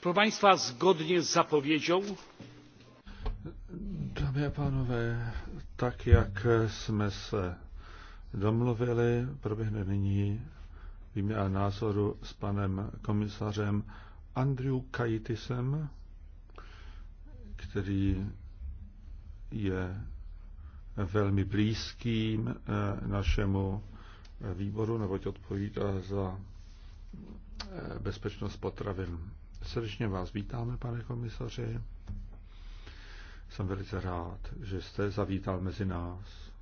Proszę Państwa, zgodnie z zapowiedzią. Dámy a pánové, tak jak jsme se domluvili, proběhne nyní výměna názoru s panem komisařem Andrew Kaitisem, který je velmi blízkým eh, našemu eh, výboru, neboť odpovídá za eh, bezpečnost potravin. Srdečně vás vítáme, pane komisaři. Jsem velice rád, že jste zavítal mezi nás.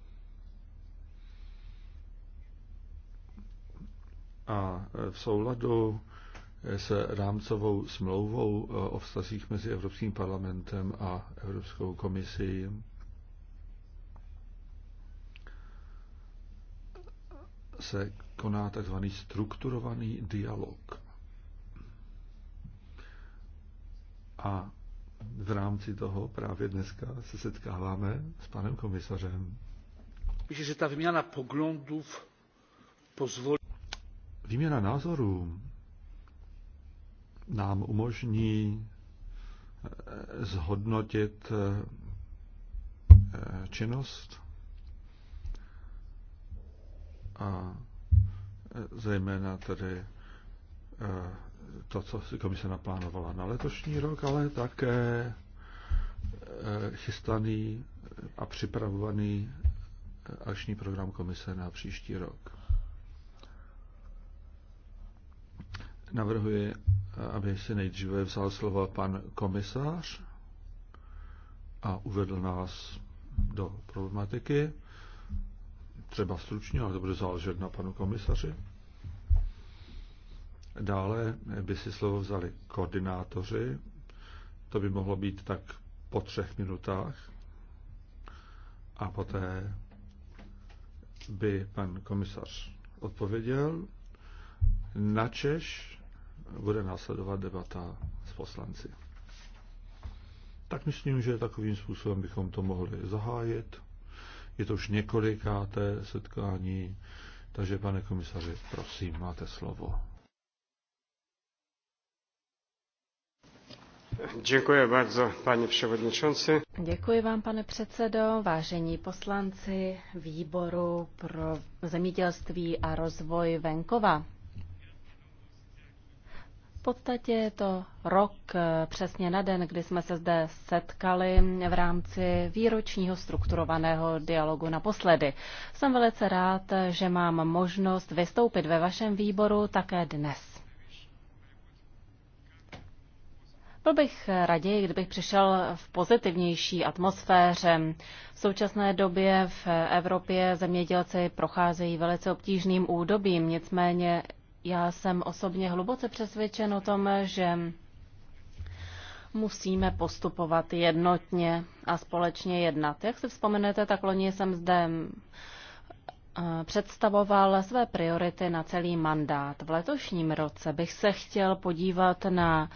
A v souladu s rámcovou smlouvou o vztazích mezi Evropským parlamentem a Evropskou komisí se koná tzv. strukturovaný dialog. A v rámci toho právě dneska se setkáváme s panem komisařem. Myslím, že ta výměna poglądů pozvolí. Výměna názorů nám umožní eh, zhodnotit eh, činnost a eh, zejména tedy to, co komise naplánovala na letošní rok, ale také eh, chystaný a připravovaný eh, akční program komise na příští rok. Navrhuji, aby si nejdříve vzal slova pan komisář a uvedl nás do problematiky, třeba stručně, ale to bude záležet na panu komisaři. Dále by si slovo vzali koordinátoři, to by mohlo být tak po třech minutách. A poté by pan komisař odpověděl. Na Češ bude následovat debata s poslanci. Tak myslím, že takovým způsobem bychom to mohli zahájit. Je to už několikáté setkání, takže pane komisaři, prosím, máte slovo. Děkuji bardzo, pane předsedající. Děkuji vám, pane předsedo, vážení poslanci výboru pro zemědělství a rozvoj venkova. V podstatě je to rok eh, přesně na den, kdy jsme se zde setkali v rámci výročního strukturovaného dialogu naposledy. Jsem velice rád, že mám možnost vystoupit ve vašem výboru také dnes. Byl bych raději, kdybych přišel v pozitivnější atmosféře. V současné době v Evropě zemědělci procházejí velice obtížným údobím, nicméně já jsem osobně hluboce přesvědčen o tom, že musíme postupovat jednotně a společně jednat. Jak si vzpomenete, tak loni jsem zde eh, představoval své priority na celý mandát. V letošním roce bych se chtěl podívat na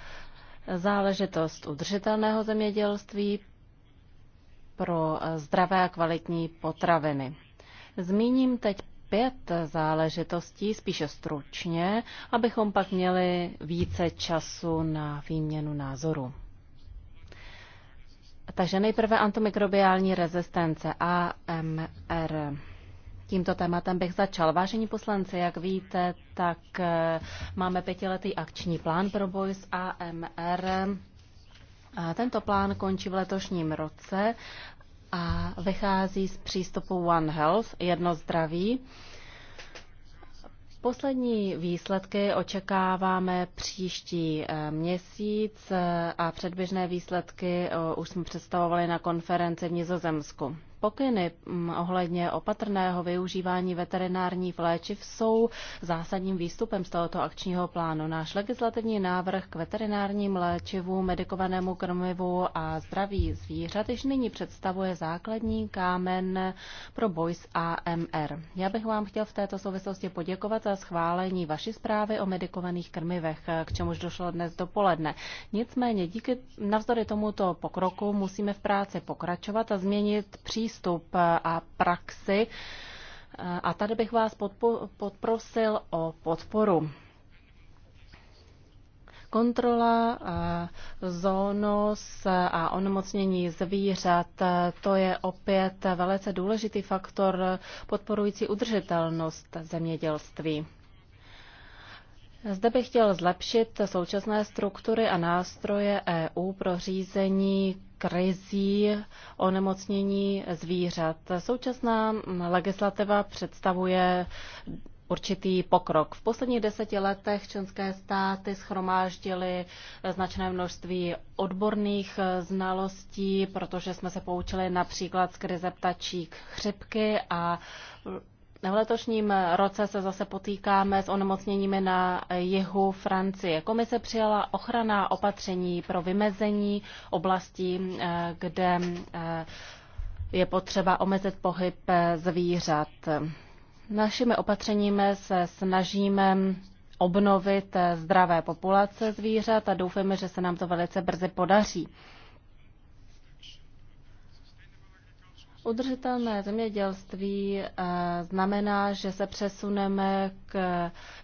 záležitost udržitelného zemědělství pro zdravé a kvalitní potraviny. Zmíním teď pět záležitostí, spíše stručně, abychom pak měli více času na výměnu názoru. Takže nejprve antimikrobiální rezistence AMR. Tímto tématem bych začal. Vážení poslanci, jak víte, tak eh, máme pětiletý akční plán pro boj s AMR. Tento plán končí v letošním roce a vychází z přístupu One Health, jedno zdraví. Poslední výsledky očekáváme příští eh, měsíc eh, a předběžné výsledky už jsme představovali na konferenci v Nizozemsku pokyny mm, ohledně opatrného využívání veterinárních léčiv jsou zásadním výstupem z tohoto akčního plánu. Náš legislativní návrh k veterinárním léčivům, medikovanému krmivu a zdraví zvířat již nyní představuje základní kámen pro boj s AMR. Já bych vám chtěl v této souvislosti poděkovat za schválení vaší zprávy o medikovaných krmivech, k čemuž došlo dnes dopoledne. Nicméně díky navzdory tomuto pokroku musíme v práci pokračovat a změnit přístup přístup a praxi. A tady bych vás podprosil o podporu. Kontrola eh, zónos a onemocnění zvířat, to je opět velice důležitý faktor podporující udržitelnost zemědělství. Zde bych chtěl zlepšit současné struktury a nástroje EU pro řízení krizí onemocnění zvířat. Současná legislativa představuje určitý pokrok. V posledních deseti letech členské státy schromáždily značné množství odborných znalostí, protože jsme se poučili například z krize ptačí chřipky a v letošním roce se zase potýkáme s onemocněními na jihu Francie. Komise přijala ochranná opatření pro vymezení oblastí, eh, kde eh, je potřeba omezit pohyb eh, zvířat. Našimi opatřeními se snažíme obnovit zdravé populace zvířat a doufáme, že se nám to velice brzy podaří. Udržitelné zemědělství eh, znamená, že se přesuneme k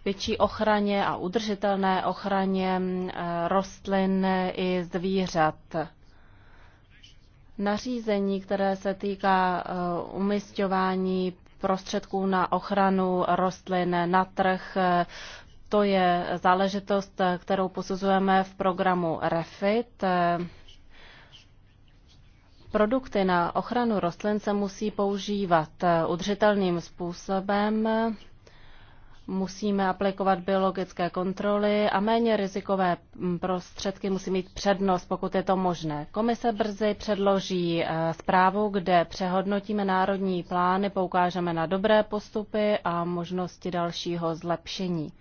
větší ochraně a udržitelné ochraně eh, rostlin i zvířat. Nařízení, které se týká eh, umistování prostředků na ochranu rostlin na trh, to je záležitost, kterou posuzujeme v programu REFIT Produkty na ochranu rostlin se musí používat eh, udržitelným způsobem, musíme aplikovat biologické kontroly a méně rizikové mm, prostředky musí mít přednost, pokud je to možné. Komise brzy předloží eh, zprávu, kde přehodnotíme národní plány, poukážeme na dobré postupy a možnosti dalšího zlepšení.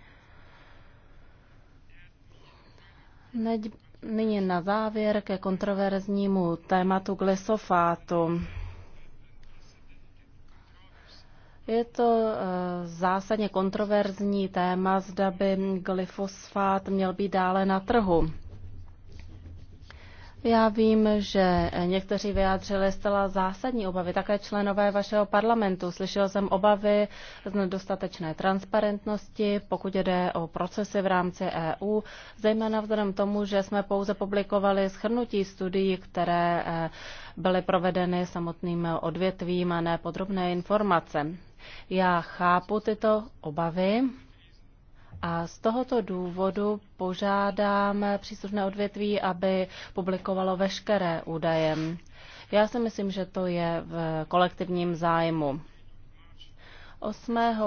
Nyní na závěr ke kontroverznímu tématu glyfosátu. Je to eh, zásadně kontroverzní téma, zda by glyfosfát měl být dále na trhu. Já vím, že někteří vyjádřili zcela zásadní obavy, také členové vašeho parlamentu. Slyšel jsem obavy z nedostatečné transparentnosti, pokud jde o procesy v rámci EU, zejména vzhledem tomu, že jsme pouze publikovali schrnutí studií, které eh, byly provedeny samotným odvětvím a ne podrobné informace. Já chápu tyto obavy. A z tohoto důvodu požádám příslušné odvětví, aby publikovalo veškeré údaje. Já si myslím, že to je v kolektivním zájmu. 8. Eh,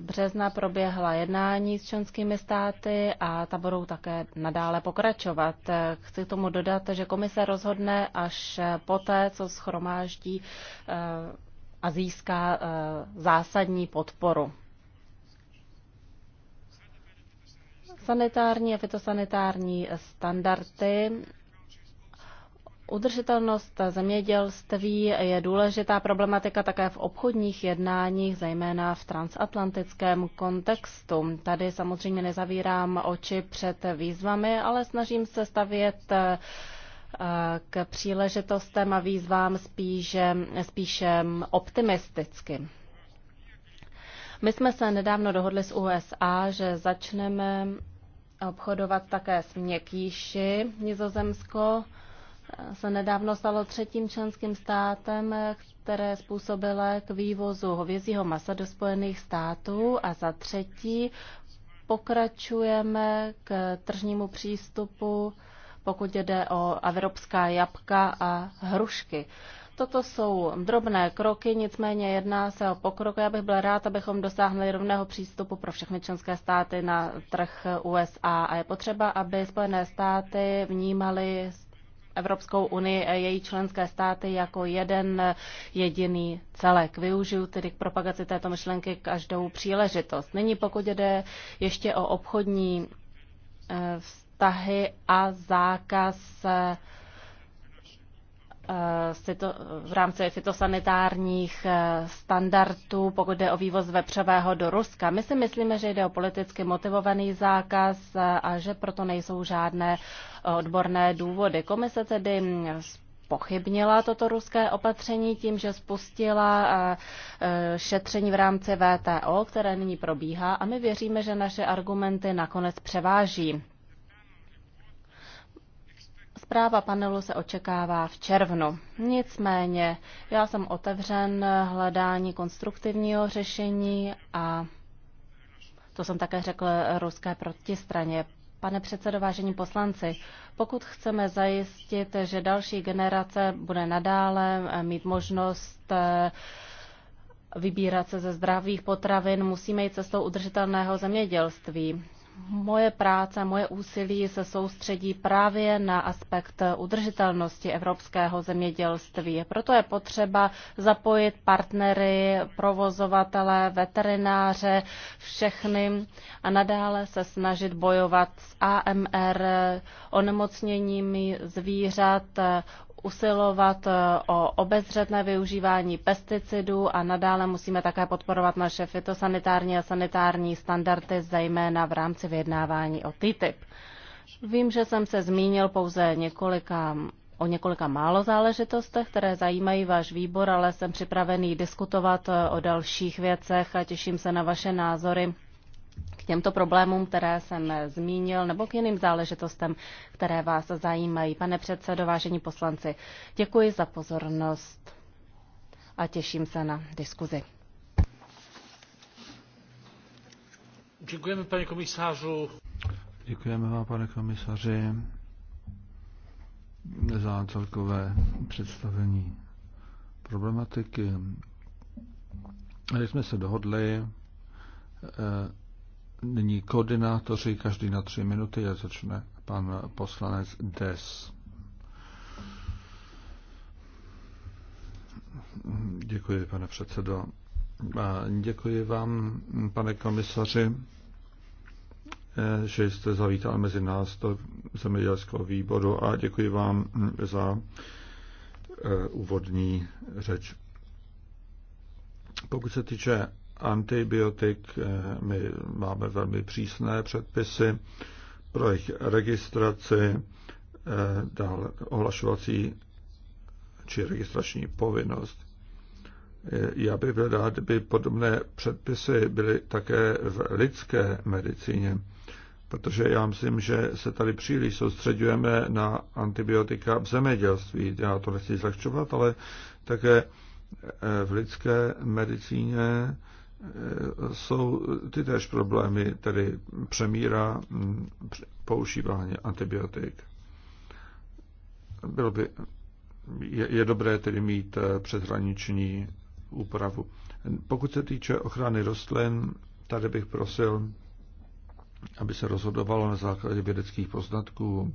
března proběhla jednání s členskými státy a ta budou také nadále pokračovat. Chci tomu dodat, že komise rozhodne až poté, co schromáždí eh, a získá eh, zásadní podporu. sanitární a fitosanitární standardy. Udržitelnost zemědělství je důležitá problematika také v obchodních jednáních, zejména v transatlantickém kontextu. Tady samozřejmě nezavírám oči před výzvami, ale snažím se stavět eh, k příležitostem a výzvám spíše, spíše optimisticky. My jsme se nedávno dohodli s USA, že začneme obchodovat také s měkkýši. Nizozemsko se nedávno stalo třetím členským státem, které způsobilo k vývozu hovězího masa do Spojených států a za třetí pokračujeme k tržnímu přístupu, pokud jde o evropská jabka a hrušky. Toto jsou drobné kroky, nicméně jedná se o pokrok. Já bych byl rád, abychom dosáhli rovného přístupu pro všechny členské státy na trh USA. A je potřeba, aby Spojené státy vnímaly Evropskou unii a její členské státy jako jeden jediný celek. Využiju tedy k propagaci této myšlenky každou příležitost. Nyní pokud jde ještě o obchodní eh, vztahy a zákaz eh, Eh, v rámci fitosanitárních eh, standardů, pokud jde o vývoz vepřového do Ruska. My si myslíme, že jde o politicky motivovaný zákaz eh, a že proto nejsou žádné odborné důvody. Komise tedy hm, pochybnila toto ruské opatření tím, že spustila šetření v rámci VTO, které nyní probíhá a my věříme, že naše argumenty nakonec převáží. Zpráva panelu se očekává v červnu. Nicméně já jsem otevřen hledání konstruktivního řešení a to jsem také řekl ruské protistraně. Pane předsedo, vážení poslanci, pokud chceme zajistit, že další generace bude nadále mít možnost eh, vybírat se ze zdravých potravin, musíme jít cestou udržitelného zemědělství moje práce, moje úsilí se soustředí právě na aspekt udržitelnosti evropského zemědělství. Proto je potřeba zapojit partnery, provozovatele, veterináře, všechny a nadále se snažit bojovat s AMR, onemocněními zvířat, usilovat eh, o obezřetné využívání pesticidů a nadále musíme také podporovat naše fitosanitární a sanitární standardy, zejména v rámci vyjednávání o TTIP. Vím, že jsem se zmínil pouze několika, o několika málo záležitostech, které zajímají váš výbor, ale jsem připravený diskutovat eh, o dalších věcech a těším se na vaše názory těmto problémům, které jsem zmínil, nebo k jiným záležitostem, které vás zajímají. Pane předsedo, vážení poslanci, děkuji za pozornost a těším se na diskuzi. Děkujeme, pane komisářu. Děkujeme vám, pane komisaři, za celkové představení problematiky. Když jsme se dohodli, eh, Nyní koordinátoři, každý na tři minuty, a začne pan poslanec Des. Děkuji, pane předsedo. A děkuji vám, pane komisaři, že jste zavítal mezi nás do zemědělského výboru a děkuji vám za eh, úvodní řeč. Pokud se týče antibiotik. Eh, my máme velmi přísné předpisy pro jejich registraci, eh, dál ohlašovací či registrační povinnost. Eh, já bych byl rád, kdyby podobné předpisy byly také v lidské medicíně, protože já myslím, že se tady příliš soustředujeme na antibiotika v zemědělství. Já to nechci zlehčovat, ale také v lidské medicíně Eh, jsou ty též problémy, tedy přemíra hm, používání antibiotik. Bylo by, je, je dobré tedy mít eh, předhraniční úpravu. Pokud se týče ochrany rostlin, tady bych prosil, aby se rozhodovalo na základě vědeckých poznatků,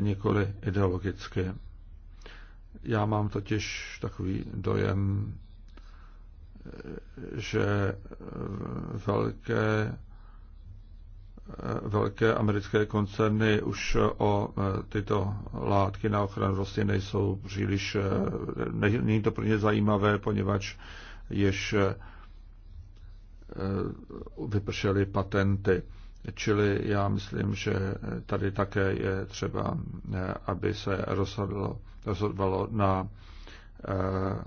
nikoli ideologicky. Já mám totiž takový dojem, že velké, velké americké koncerny už o tyto látky na ochranu rostlin nejsou příliš, není to pro ně zajímavé, poněvadž již eh, vypršely patenty. Čili já myslím, že tady také je třeba, eh, aby se rozhodlo, rozhodovalo na eh,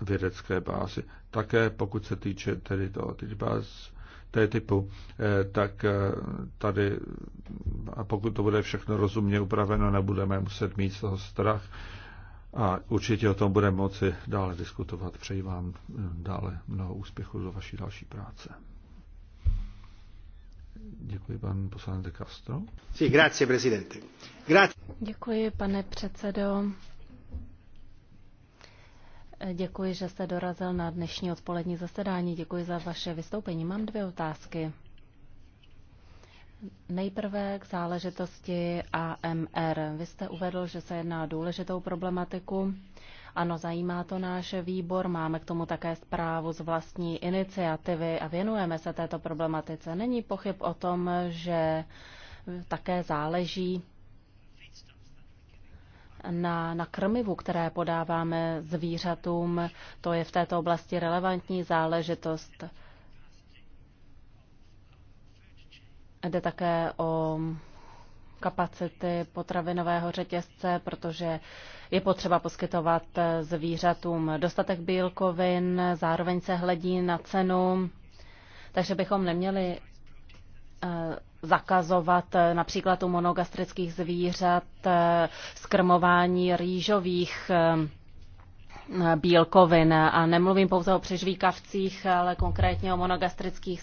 vědecké bázi. Také pokud se týče tedy toho tedy báz, té typu, eh, tak eh, tady, a pokud to bude všechno rozumně upraveno, nebudeme muset mít z toho strach a určitě o tom budeme moci dále diskutovat. Přeji vám eh, dále mnoho úspěchu do vaší další práce. Děkuji, pan poslanec Castro. Sí, grazie, presidente. Grazie. Děkuji, pane předsedo. Děkuji, že jste dorazil na dnešní odpolední zasedání. Děkuji za vaše vystoupení. Mám dvě otázky. Nejprve k záležitosti AMR. Vy jste uvedl, že se jedná o důležitou problematiku. Ano, zajímá to náš výbor, máme k tomu také zprávu z vlastní iniciativy a věnujeme se této problematice. Není pochyb o tom, že také záleží na, na krmivu, které podáváme zvířatům. To je v této oblasti relevantní záležitost. Jde také o kapacity potravinového řetězce, protože je potřeba poskytovat zvířatům dostatek bílkovin, zároveň se hledí na cenu, takže bychom neměli Eh, zakazovat eh, například u monogastrických zvířat eh, skrmování rýžových bílkovin. A nemluvím pouze o přežvíkavcích, ale konkrétně o monogastrických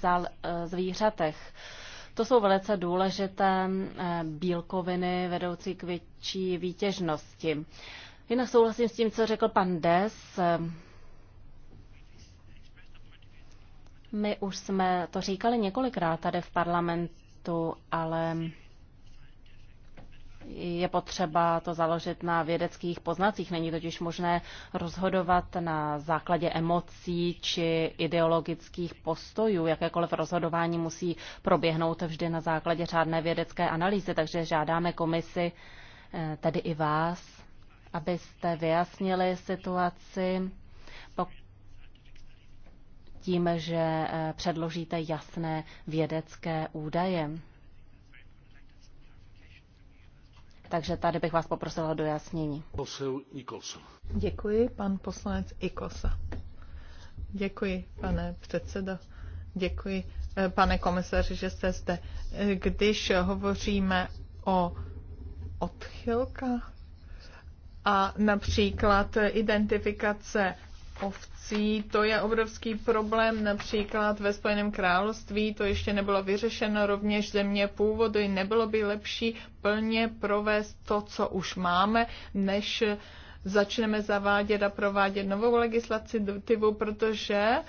zvířatech. To jsou velice důležité bílkoviny vedoucí k větší výtěžnosti. Jinak souhlasím s tím, co řekl pan Des. My už jsme to říkali několikrát tady v parlamentu, ale je potřeba to založit na vědeckých poznacích. Není totiž možné rozhodovat na základě emocí či ideologických postojů. Jakékoliv rozhodování musí proběhnout vždy na základě řádné vědecké analýzy, takže žádáme komisi, eh, tedy i vás, abyste vyjasnili situaci tím, že eh, předložíte jasné vědecké údaje. Takže tady bych vás poprosila o dojasnění. Děkuji, pan poslanec Ikosa. Děkuji, pane předsedo. Děkuji, eh, pane komisaři, že jste zde. Eh, když hovoříme o odchylkách a například identifikace ovcí. To je obrovský problém například ve Spojeném království, to ještě nebylo vyřešeno, rovněž země původu. Nebylo by lepší plně provést to, co už máme, než začneme zavádět a provádět novou legislativu, protože uh,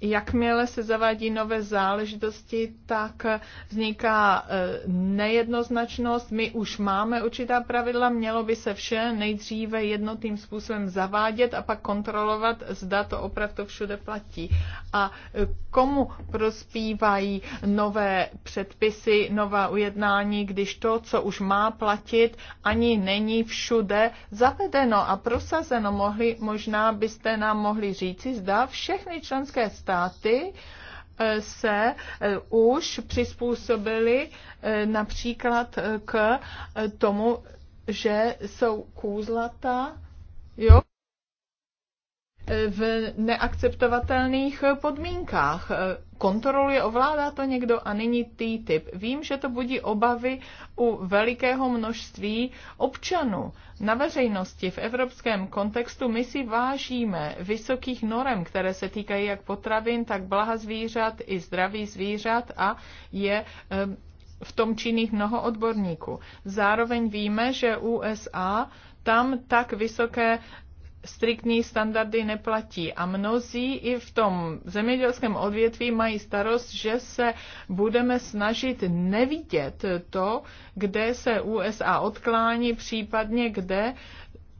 jakmile se zavádí nové záležitosti, tak vzniká e, nejednoznačnost. My už máme určitá pravidla, mělo by se vše nejdříve jednotným způsobem zavádět a pak kontrolovat, zda to opravdu všude platí. A e, komu prospívají nové předpisy, nová ujednání, když to, co už má platit, ani není všude zavedeno a prosazeno. Mohli, možná byste nám mohli říci, zda všechny členské státy eh, se eh, už přizpůsobily eh, například k tomu, že jsou kůzlata, jo, v neakceptovatelných podmínkách. Kontroluje, ovládá to někdo a není TTIP. Vím, že to budí obavy u velikého množství občanů. Na veřejnosti v evropském kontextu my si vážíme vysokých norem, které se týkají jak potravin, tak blaha zvířat i zdraví zvířat a je v tom činných mnoho odborníků. Zároveň víme, že USA tam tak vysoké striktní standardy neplatí a mnozí i v tom zemědělském odvětví mají starost, že se budeme snažit nevidět to, kde se USA odklání, případně kde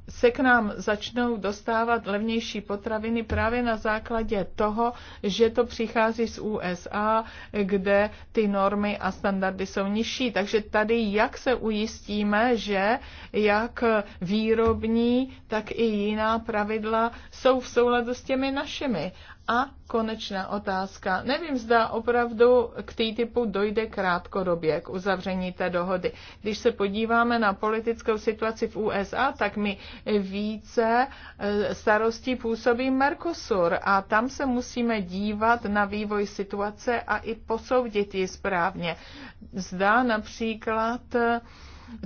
se k nám začnou dostávat levnější potraviny právě na základě toho, že to přichází z USA, kde ty normy a standardy jsou nižší. Takže tady jak se ujistíme, že jak výrobní, tak i jiná pravidla jsou v souladu s těmi našimi. A konečná otázka. Nevím, zda opravdu k typu dojde krátkodobě k uzavření té dohody. Když se podíváme na politickou situaci v USA, tak mi více e, starostí působí Mercosur a tam se musíme dívat na vývoj situace a i posoudit ji správně. Zda například e,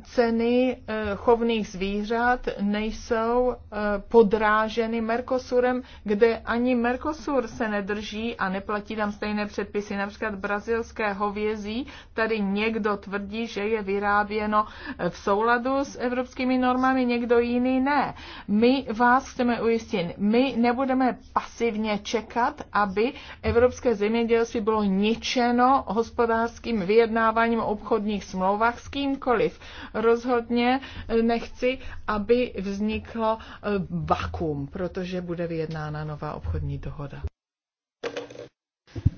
ceny eh, chovných zvířat nejsou eh, podráženy Mercosurem, kde ani Mercosur se nedrží a neplatí tam stejné předpisy. Například brazilské hovězí, tady někdo tvrdí, že je vyráběno eh, v souladu s evropskými normami, někdo jiný ne. My vás chceme ujistit, my nebudeme pasivně čekat, aby evropské zemědělství bylo ničeno hospodářským vyjednáváním o obchodních smlouvách s kýmkoliv Rozhodně eh, nechci, aby vzniklo eh, vakuum, protože bude vyjednána nová obchodní dohoda.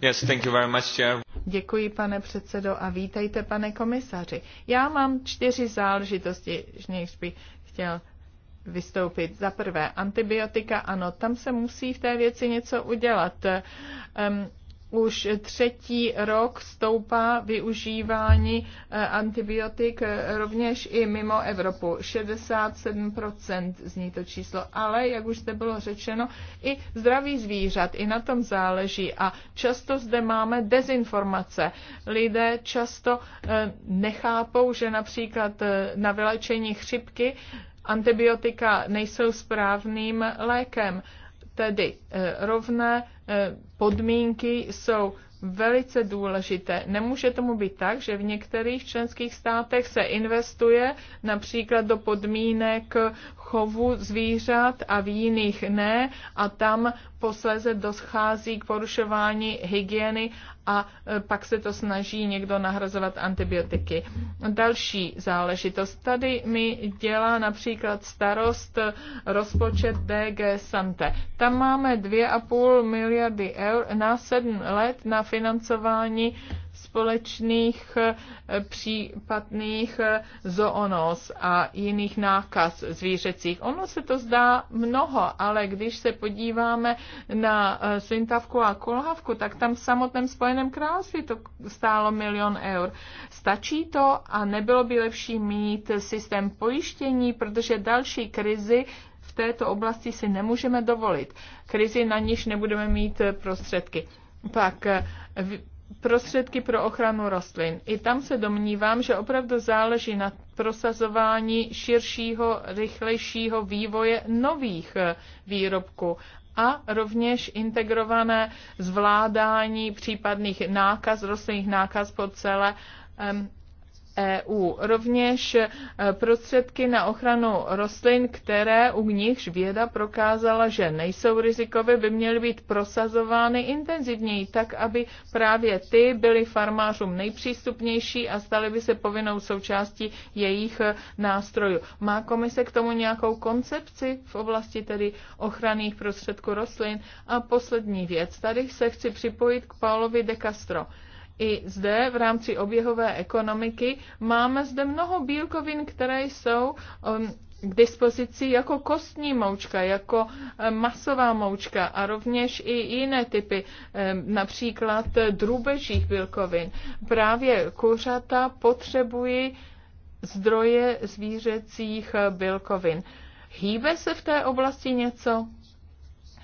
Yes, thank you very much, Chair. Děkuji, pane předsedo, a vítejte, pane komisaři. Já mám čtyři záležitosti, z nichž bych chtěl vystoupit. Za prvé, antibiotika, ano, tam se musí v té věci něco udělat. Um, už třetí rok stoupá využívání eh, antibiotik eh, rovněž i mimo Evropu. 67% zní to číslo, ale jak už zde bylo řečeno, i zdraví zvířat, i na tom záleží a často zde máme dezinformace. Lidé často eh, nechápou, že například na vylečení chřipky antibiotika nejsou správným lékem Tedy eh, rovné eh, podmínky jsou velice důležité. Nemůže tomu být tak, že v některých členských státech se investuje například do podmínek chovu zvířat a v jiných ne a tam posléze doschází k porušování hygieny a e, pak se to snaží někdo nahrazovat antibiotiky. Další záležitost. Tady mi dělá například starost e, rozpočet DG Sante. Tam máme 2,5 miliardy eur na 7 let na financování společných eh, případných eh, zoonóz a jiných nákaz zvířecích. Ono se to zdá mnoho, ale když se podíváme na eh, svintavku a kolhavku, tak tam v samotném Spojeném království to stálo milion eur. Stačí to a nebylo by lepší mít systém pojištění, protože další krizi v této oblasti si nemůžeme dovolit. Krizi na níž nebudeme mít prostředky. Pak prostředky pro ochranu rostlin. I tam se domnívám, že opravdu záleží na prosazování širšího, rychlejšího vývoje nových eh, výrobků a rovněž integrované zvládání případných nákaz, rostlinných nákaz po celé EU. Rovněž e, prostředky na ochranu rostlin, které u nichž věda prokázala, že nejsou rizikové, by měly být prosazovány intenzivněji, tak aby právě ty byly farmářům nejpřístupnější a staly by se povinnou součástí jejich e, nástrojů. Má komise k tomu nějakou koncepci v oblasti tedy ochranných prostředků rostlin? A poslední věc. Tady se chci připojit k Paulovi de Castro i zde v rámci oběhové ekonomiky máme zde mnoho bílkovin, které jsou um, k dispozici jako kostní moučka, jako eh, masová moučka a rovněž i jiné typy, eh, například drůbežích bílkovin. Právě kuřata potřebují zdroje zvířecích eh, bílkovin. Hýbe se v té oblasti něco?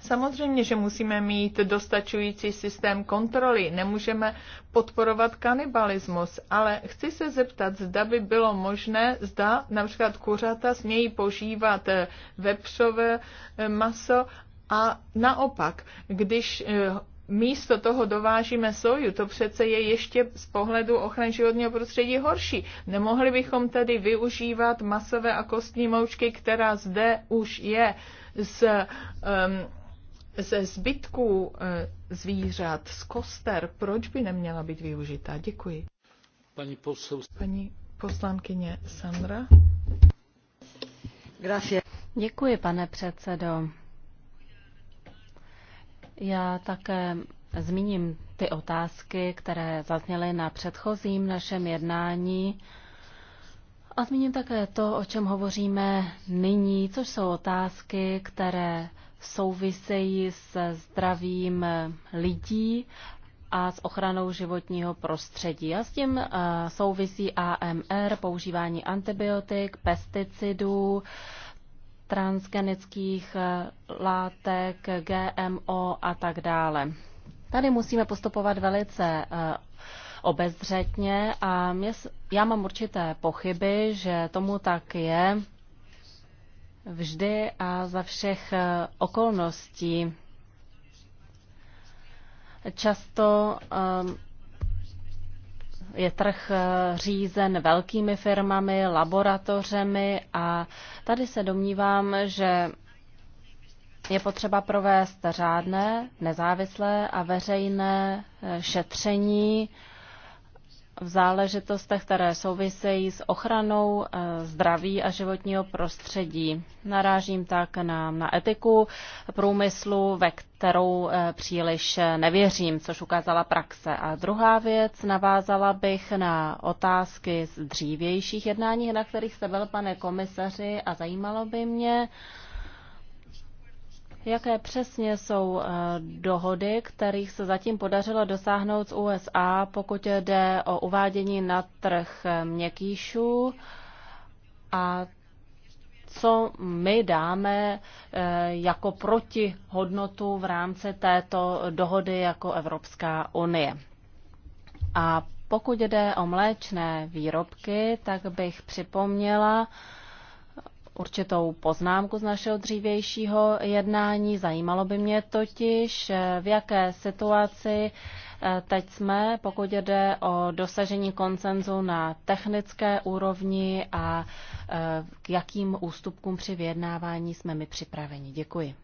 Samozřejmě, že musíme mít dostačující systém kontroly, nemůžeme podporovat kanibalismus, ale chci se zeptat, zda by bylo možné, zda například kuřata smějí požívat eh, vepřové eh, maso a naopak, když eh, místo toho dovážíme soju, to přece je ještě z pohledu ochrany životního prostředí horší. Nemohli bychom tedy využívat masové a kostní moučky, která zde už je z um, ehm, ze zbytků eh, zvířat, z koster, proč by neměla být využitá? Děkuji. Paní, posl... Paní poslankyně Sandra. Grazie. Děkuji, pane předsedo. Já také zmíním ty otázky, které zazněly na předchozím našem jednání. A zmíním také to, o čem hovoříme nyní, což jsou otázky, které souvisejí se zdravím lidí a s ochranou životního prostředí. A s tím eh, souvisí AMR, používání antibiotik, pesticidů, transgenických eh, látek, GMO a tak dále. Tady musíme postupovat velice eh, obezřetně a já mám určité pochyby, že tomu tak je vždy a za všech eh, okolností. Často eh, je trh eh, řízen velkými firmami, laboratořemi a tady se domnívám, že je potřeba provést řádné, nezávislé a veřejné šetření v záležitostech, které souvisejí s ochranou eh, zdraví a životního prostředí. Narážím tak na, na etiku průmyslu, ve kterou eh, příliš nevěřím, což ukázala praxe. A druhá věc, navázala bych na otázky z dřívějších jednání, na kterých jste byl, pane komisaři, a zajímalo by mě, Jaké přesně jsou eh, dohody, kterých se zatím podařilo dosáhnout z USA, pokud jde o uvádění na trh eh, měkkýšů a co my dáme eh, jako protihodnotu v rámci této dohody jako Evropská unie. A pokud jde o mléčné výrobky, tak bych připomněla, určitou poznámku z našeho dřívějšího jednání. Zajímalo by mě totiž, eh, v jaké situaci eh, teď jsme, pokud jde o dosažení koncenzu na technické úrovni a eh, k jakým ústupkům při vyjednávání jsme my připraveni. Děkuji.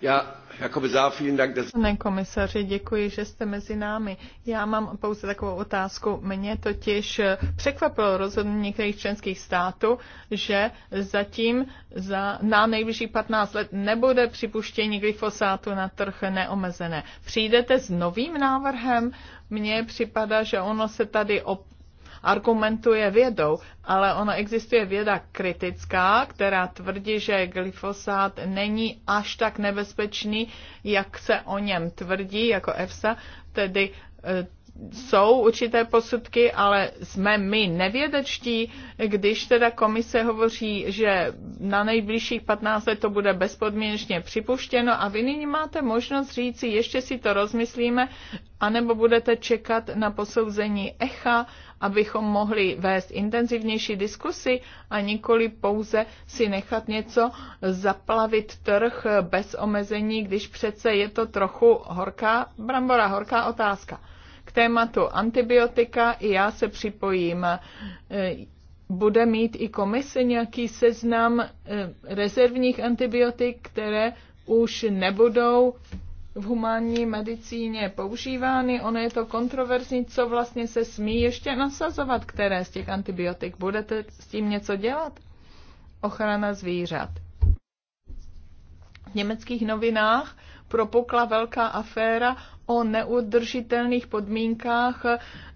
Já Pane komisaři, děkuji, že jste mezi námi. Já mám pouze takovou otázku. Mě totiž překvapilo rozhodnutí některých členských států, že zatím za, na nejbližší 15 let nebude připuštění glyfosátu na trh neomezené. Přijdete s novým návrhem? Mně připadá, že ono se tady opět argumentuje vědou, ale ona existuje věda kritická, která tvrdí, že glyfosát není až tak nebezpečný, jak se o něm tvrdí, jako EFSA, tedy eh, jsou určité posudky, ale jsme my nevědečtí, když teda komise hovoří, že na nejbližších 15 let to bude bezpodmínečně připuštěno a vy nyní máte možnost říci, ještě si to rozmyslíme, anebo budete čekat na posouzení ECHA, abychom mohli vést intenzivnější diskusy a nikoli pouze si nechat něco zaplavit trh bez omezení, když přece je to trochu horká brambora, horká otázka tématu antibiotika i já se připojím. E, bude mít i komise nějaký seznam e, rezervních antibiotik, které už nebudou v humánní medicíně používány. Ono je to kontroverzní, co vlastně se smí ještě nasazovat, které z těch antibiotik. Budete s tím něco dělat? Ochrana zvířat. V německých novinách propukla velká aféra o neudržitelných podmínkách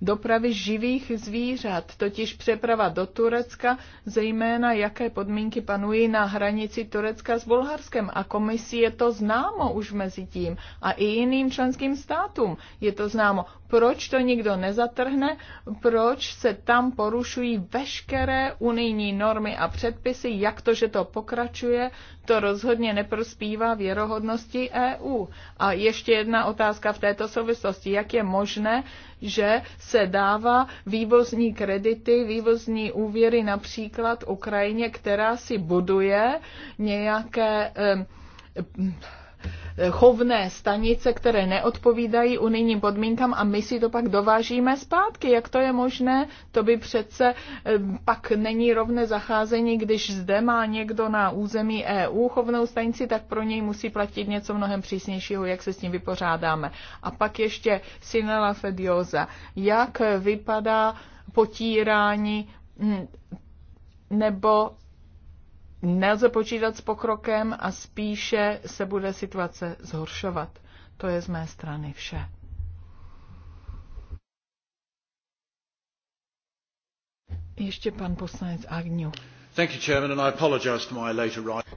dopravy živých zvířat, totiž přeprava do Turecka, zejména jaké podmínky panují na hranici Turecka s Bulharskem. A komisi je to známo už mezi tím a i jiným členským státům je to známo. Proč to nikdo nezatrhne? Proč se tam porušují veškeré unijní normy a předpisy? Jak to, že to pokračuje? To rozhodně neprospívá věrohodnosti EU. A ještě jedna otázka v té této souvislosti. Jak je možné, že se dává vývozní kredity, vývozní úvěry například Ukrajině, která si buduje nějaké Eh, chovné stanice, které neodpovídají unijním podmínkám a my si to pak dovážíme zpátky. Jak to je možné? To by přece eh, pak není rovné zacházení, když zde má někdo na území EU chovnou stanici, tak pro něj musí platit něco mnohem přísnějšího, jak se s tím vypořádáme. A pak ještě Sinela Fedioza. Jak vypadá potírání hm, nebo nelze počítat s pokrokem a spíše se bude situace zhoršovat. To je z mé strany vše. Ještě pan poslanec Agňu.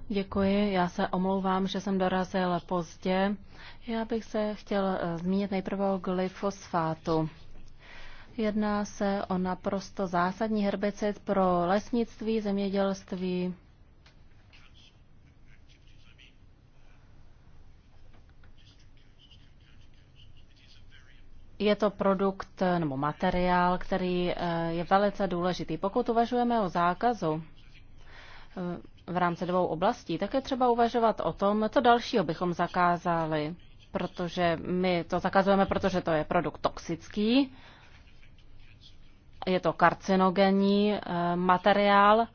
Děkuji, já se omlouvám, že jsem dorazil pozdě. Já bych se chtěl eh, zmínit nejprve o glyfosfátu. Jedná se o naprosto zásadní herbicid pro lesnictví, zemědělství je to produkt eh, nebo materiál, který eh, je velice důležitý. Pokud uvažujeme o zákazu eh, v rámci dvou oblastí, tak je třeba uvažovat o tom, co dalšího bychom zakázali, protože my to zakazujeme, protože to je produkt toxický, je to karcinogenní materiál,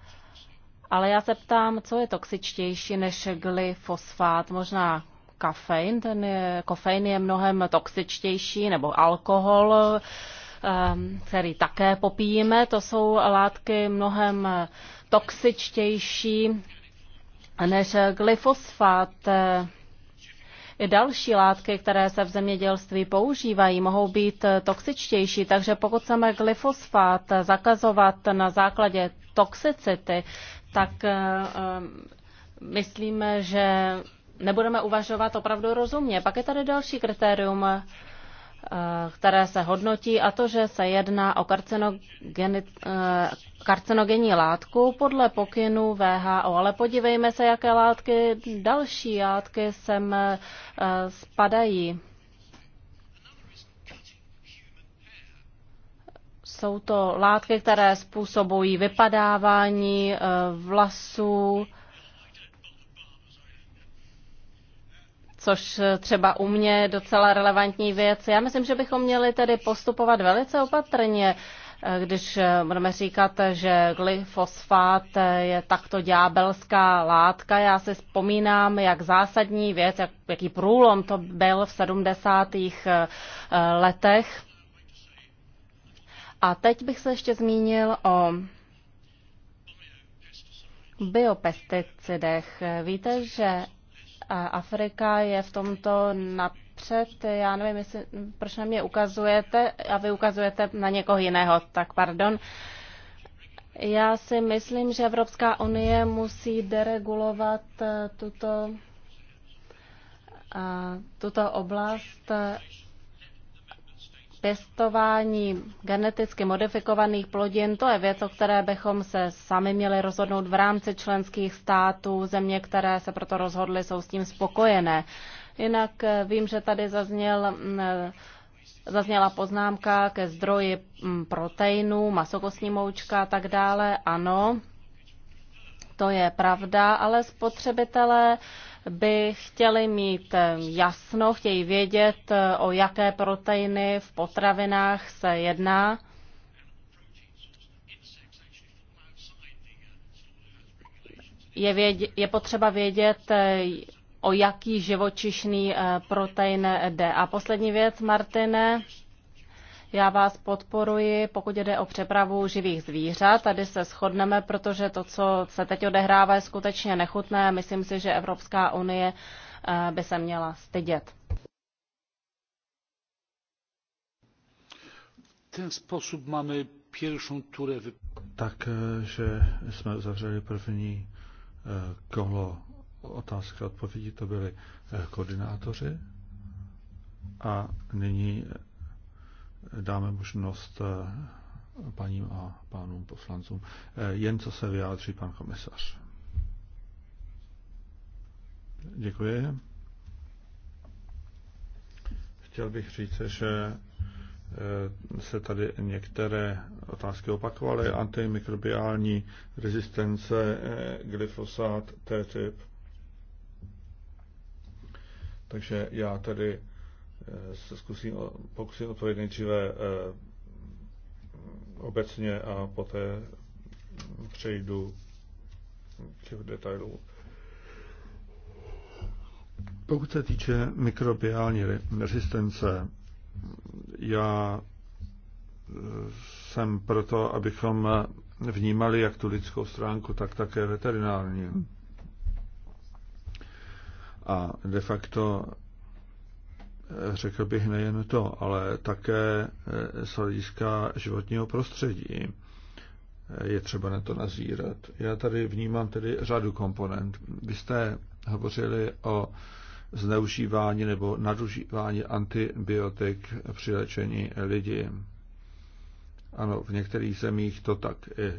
ale já se ptám, co je toxičtější než glyfosfát, možná kafein, ten je, kofein je mnohem toxičtější, nebo alkohol, ehm, který také popijeme, to jsou látky mnohem toxičtější než glyfosfát. I další látky, které se v zemědělství používají, mohou být toxičtější, takže pokud chceme glyfosfát zakazovat na základě toxicity, tak ehm, myslíme, že nebudeme uvažovat opravdu rozumně. Pak je tady další kritérium, eh, které se hodnotí, a to, že se jedná o eh, karcinogenní látku podle pokynu VHO. Ale podívejme se, jaké látky, další látky sem eh, spadají. Jsou to látky, které způsobují vypadávání vlasů, což eh, třeba u mě docela relevantní věc. Já myslím, že bychom měli tedy postupovat velice opatrně, eh, když eh, budeme říkat, že glyfosfát je takto ďábelská látka. Já si vzpomínám, jak zásadní věc, jak, jaký průlom to byl v 70. letech. A teď bych se ještě zmínil o biopesticidech. Víte, že Afrika je v tomto napřed. Já nevím, jestli, proč na mě ukazujete a vy ukazujete na někoho jiného, tak pardon. Já si myslím, že Evropská unie musí deregulovat eh, tuto, eh, tuto oblast pěstování geneticky modifikovaných plodin, to je věc, o které bychom se sami měli rozhodnout v rámci členských států. Země, které se proto rozhodly, jsou s tím spokojené. Jinak eh, vím, že tady zazněl mm, eh, Zazněla poznámka ke zdroji mm, proteinů, masokostní moučka a tak dále. Ano, to je pravda, ale spotřebitelé by chtěli mít eh, jasno, chtějí vědět, eh, o jaké proteiny v potravinách se jedná. Je, vědě, je potřeba vědět, eh, o jaký živočišný protein jde. A poslední věc, Martine, já vás podporuji, pokud jde o přepravu živých zvířat. Tady se shodneme, protože to, co se teď odehrává, je skutečně nechutné. Myslím si, že Evropská unie eh, by se měla stydět. ten způsob máme pierwszą turę. Takže eh, jsme uzavřeli první eh, kolo otázky a odpovědi, to byli koordinátoři. A nyní dáme možnost eh, paním a pánům poslancům. Eh, jen co se vyjádří pan komisař. Děkuji. Chtěl bych říct, že eh, se tady některé otázky opakovaly. Antimikrobiální rezistence, glyfosát, T-typ. Takže já tedy Eh, se zkusím, pokusím odpovědět nejdříve eh, obecně a poté přejdu těch detailů. Pokud se týče mikrobiální rezistence, já eh, jsem proto, abychom vnímali jak tu lidskou stránku, tak také veterinární. A de facto řekl bych nejen to, ale také eh, z hlediska životního prostředí je třeba na to nazírat. Já tady vnímám tedy řadu komponent. Vy jste hovořili o zneužívání nebo nadužívání antibiotik při léčení lidí. Ano, v některých zemích to tak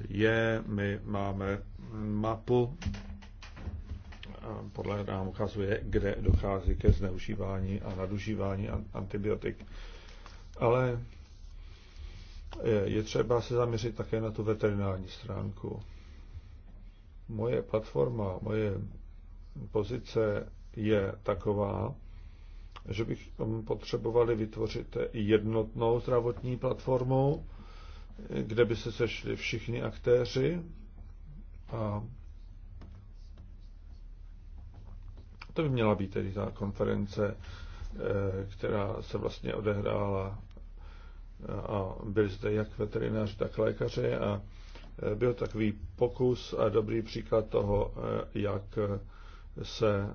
je. My máme mapu podle nám ukazuje, kde dochází ke zneužívání a nadužívání antibiotik. Ale eh, je třeba se zaměřit také na tu veterinární stránku. Moje platforma, moje pozice je taková, že bych potřebovali vytvořit jednotnou zdravotní platformu, kde by se sešli všichni aktéři a To by měla být tedy ta konference, eh, která se vlastně odehrála eh, a byli zde jak veterináři, tak lékaři a eh, byl takový pokus a dobrý příklad toho, jak se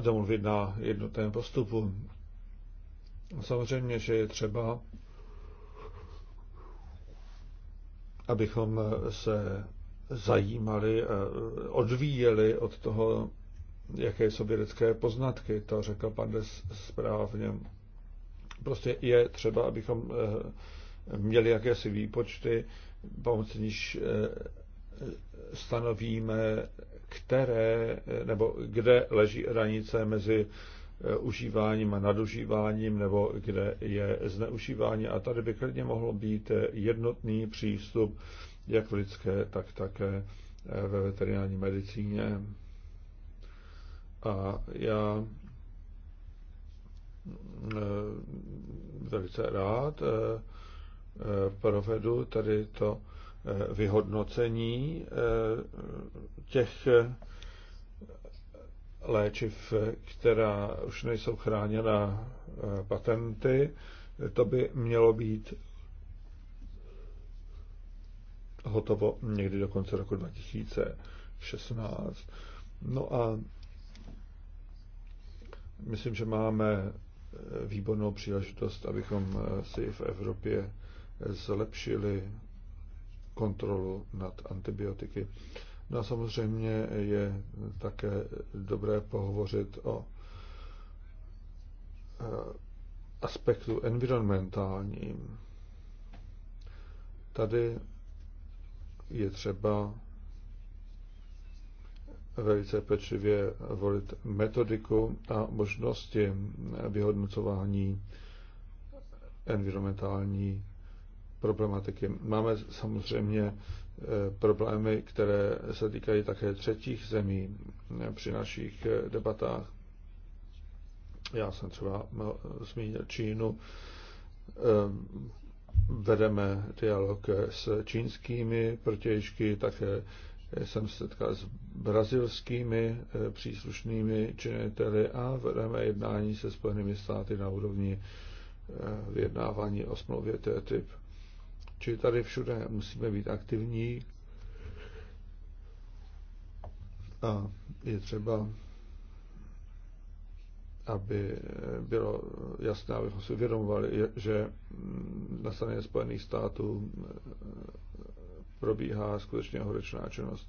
domluvit na jednotném postupu. Samozřejmě, že je třeba, abychom se zajímaly, odvíjely od toho, jaké jsou vědecké poznatky. To řekl pan Des správně. Prostě je třeba, abychom eh, měli jakési výpočty, pomocí níž eh, stanovíme, které eh, nebo kde leží hranice mezi užíváním a nadužíváním, nebo kde je zneužívání. A tady by klidně mohlo být jednotný přístup jak v lidské, tak také eh, ve veterinární medicíně. A já eh, velice rád eh, provedu tady to vyhodnocení těch léčiv, která už nejsou chráněna patenty. To by mělo být hotovo někdy do konce roku 2016. No a myslím, že máme eh, výbornou příležitost, abychom eh, si v Evropě eh, zlepšili kontrolu nad antibiotiky. No a samozřejmě je také dobré pohovořit o aspektu environmentálním. Tady je třeba velice pečlivě volit metodiku a možnosti vyhodnocování environmentální problematiky. Máme samozřejmě eh, problémy, které se týkají také třetích zemí eh, při našich eh, debatách. Já jsem třeba zmínil Čínu vedeme dialog s čínskými protějšky, také jsem se setkal s brazilskými eh, příslušnými činiteli a vedeme jednání se Spojenými státy na úrovni eh, vyjednávání o smlouvě TTIP. Čili tady všude musíme být aktivní a je třeba aby bylo jasné, abychom si uvědomovali, že na straně Spojených států eh, probíhá skutečně horečná činnost.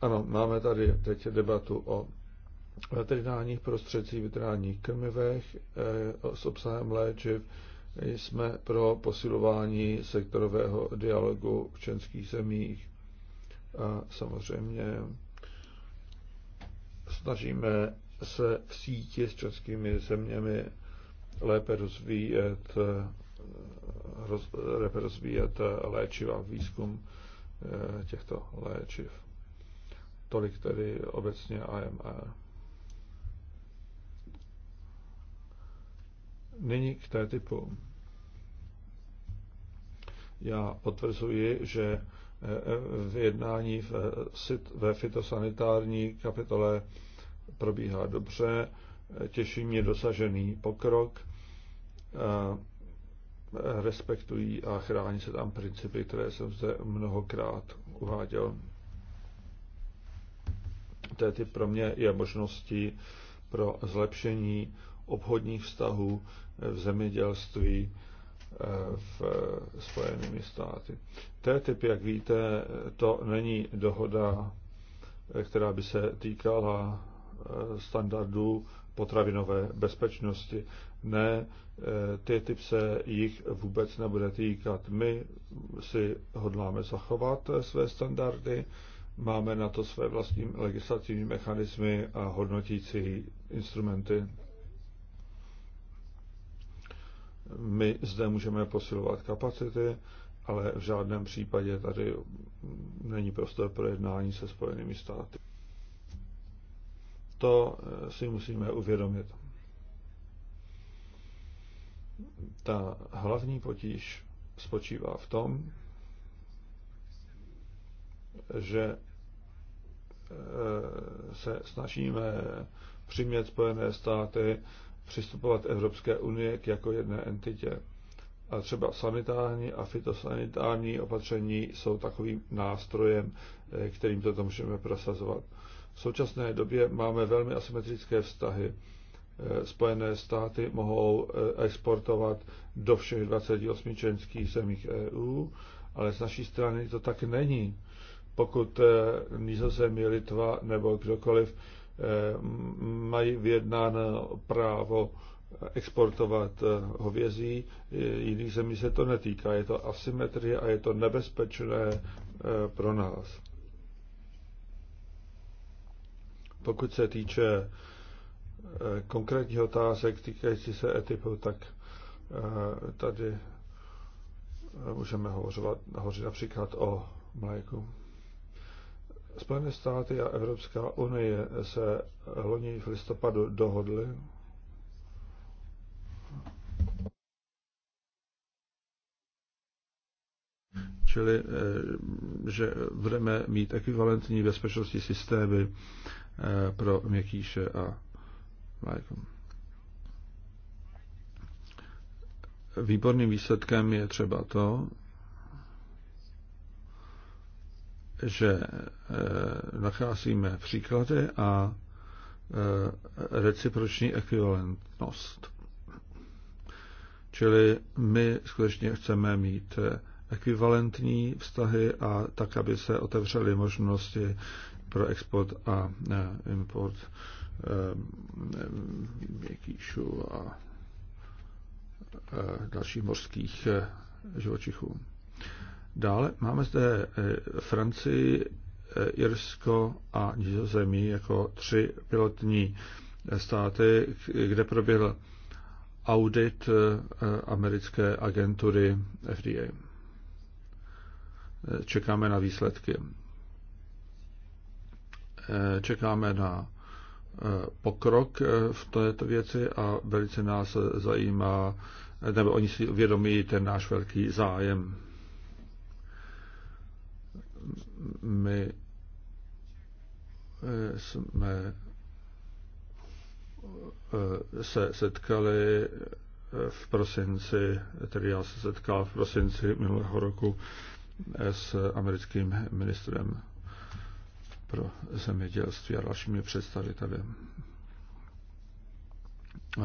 Ano, máme tady teď debatu o veterinárních prostředcích, veterinárních krmivech eh, s obsahem léčiv. Jsme pro posilování sektorového dialogu v členských zemích a samozřejmě snažíme se v síti s českými zeměmi lépe rozvíjet, roz, lépe rozvíjet léčiva, výzkum eh, těchto léčiv. Tolik tedy obecně AMR. Nyní k té typu. Já potvrzuji, že eh, v jednání eh, ve fitosanitární kapitole probíhá dobře, těší mě dosažený pokrok, respektují a chrání se tam principy, které jsem zde mnohokrát uváděl. Tedy pro mě je možnosti pro zlepšení obchodních vztahů v zemědělství e, v Spojenými státy. TTIP, jak víte, to není dohoda, e, která by se týkala Eh, standardů potravinové bezpečnosti. Ne, eh, ty typ se jich vůbec nebude týkat. My si hodláme zachovat eh, své standardy, máme na to své vlastní legislativní mechanismy a hodnotící instrumenty. My zde můžeme posilovat kapacity, ale v žádném případě tady není prostor pro jednání se Spojenými státy. To eh, si musíme uvědomit. Ta hlavní potíž spočívá v tom, že eh, se snažíme přimět Spojené státy přistupovat Evropské unie k jako jedné entitě. A třeba sanitární a fitosanitární opatření jsou takovým nástrojem, eh, kterým toto můžeme prosazovat. V současné době máme velmi asymetrické vztahy. E, Spojené státy mohou e, exportovat do všech 28 členských zemích EU, ale z naší strany to tak není. Pokud e, Nizozemí, Litva nebo kdokoliv mají vyjednáno právo exportovat hovězí, jiných zemí se to netýká. Je to asymetrie a je to nebezpečné pro nás. Pokud se týče eh, konkrétních otázek týkající se etipu, tak eh, tady eh, můžeme hovořit například o mléku. Spojené státy a Evropská unie se loni v listopadu dohodly čili že budeme mít ekvivalentní bezpečnostní systémy Eh, pro měkkýše a mléko. Výborným výsledkem je třeba to, že eh, nacházíme příklady a eh, reciproční ekvivalentnost. Čili my skutečně chceme mít ekvivalentní vztahy a tak, aby se otevřely možnosti pro export a e, import e, e, měkýšů a dalších mořských živočichů. Dále máme zde Francii, Irsko a Nizozemí jako tři pilotní státy, kde proběhl audit americké agentury FDA. Čekáme na výsledky. Eh, čekáme na eh, pokrok eh, v této věci a velice nás zajímá, nebo oni si uvědomí ten náš velký zájem. My jsme se setkali v prosinci, tedy já se setkal v prosinci minulého roku s americkým ministrem pro zemědělství a dalšími představiteli.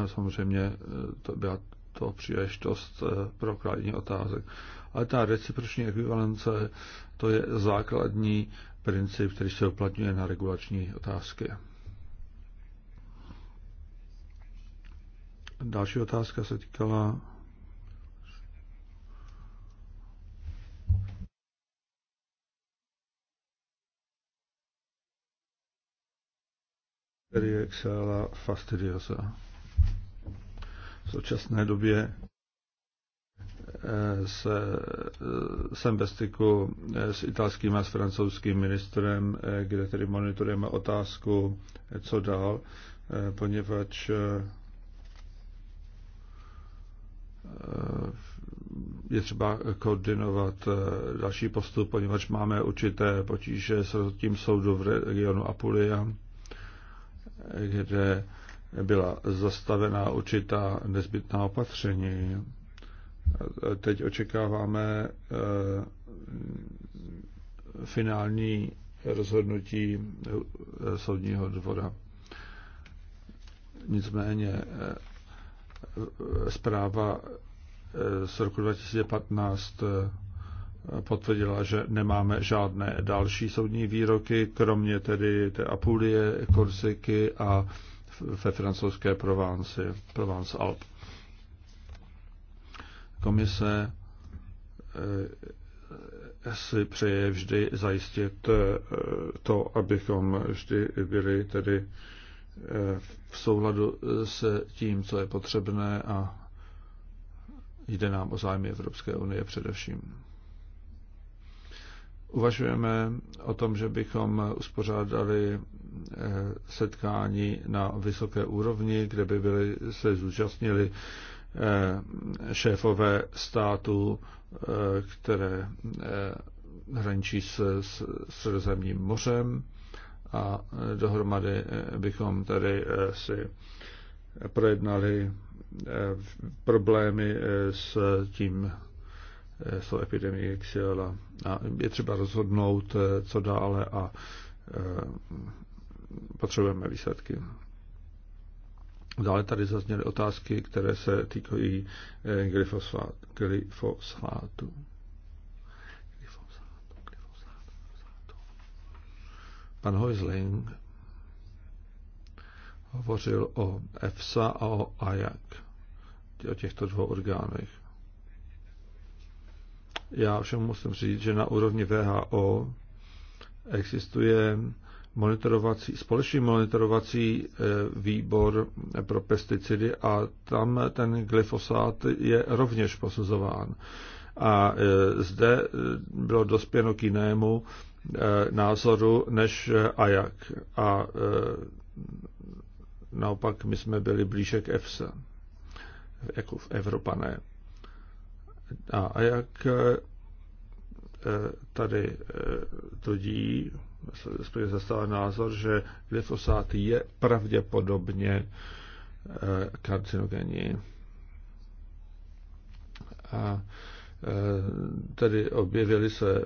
A samozřejmě e, to byla to příležitost e, pro kladení otázek. Ale ta reciproční ekvivalence, to je základní princip, který se uplatňuje na regulační otázky. Další otázka se týkala Serie Xela Fastidiosa. V současné době eh, se, eh, jsem ve styku eh, s italským a s francouzským ministrem, kde tedy monitorujeme otázku, co dál, poněvadž je třeba koordinovat další postup, poněvadž máme určité potíže s tím soudu v regionu Apulia kde byla zastavená určitá nezbytná opatření. Teď očekáváme eh, finální rozhodnutí soudního dvora. Nicméně eh, zpráva eh, z roku 2015 potvrdila, že nemáme žádné další soudní výroky, kromě tedy té Apulie, Korsiky a ve francouzské Provence, Provence Alp. Komise eh, si přeje vždy zajistit eh, to, abychom vždy byli tedy eh, v souladu s tím, co je potřebné a jde nám o zájmy Evropské unie především. Uvažujeme o tom, že bychom uspořádali eh, setkání na vysoké úrovni, kde by byli, se zúčastnili eh, šéfové státu, eh, které hraničí s Středozemním mořem a dohromady bychom tady si projednali problémy s tím Eh, jsou epidemie XL A je třeba rozhodnout, eh, co dále a eh, potřebujeme výsledky. Dále tady zazněly otázky, které se týkají glyfosfát, glyfosfátu. Pan Hoisling hovořil o EFSA a o AJAK, o těchto dvou orgánech. Já všem musím říct, že na úrovni VHO existuje monitorovací, společný monitorovací e, výbor pro pesticidy a tam ten glyfosát je rovněž posuzován. A e, zde e, bylo dospěno k jinému názoru než AJAK. A naopak my jsme byli blíže k EFSA, jako v Evropané. Ne. A jak eh, tady eh, tvrdí, se zastává názor, že glyfosát je pravděpodobně eh, karcinogenní. A tedy objevily se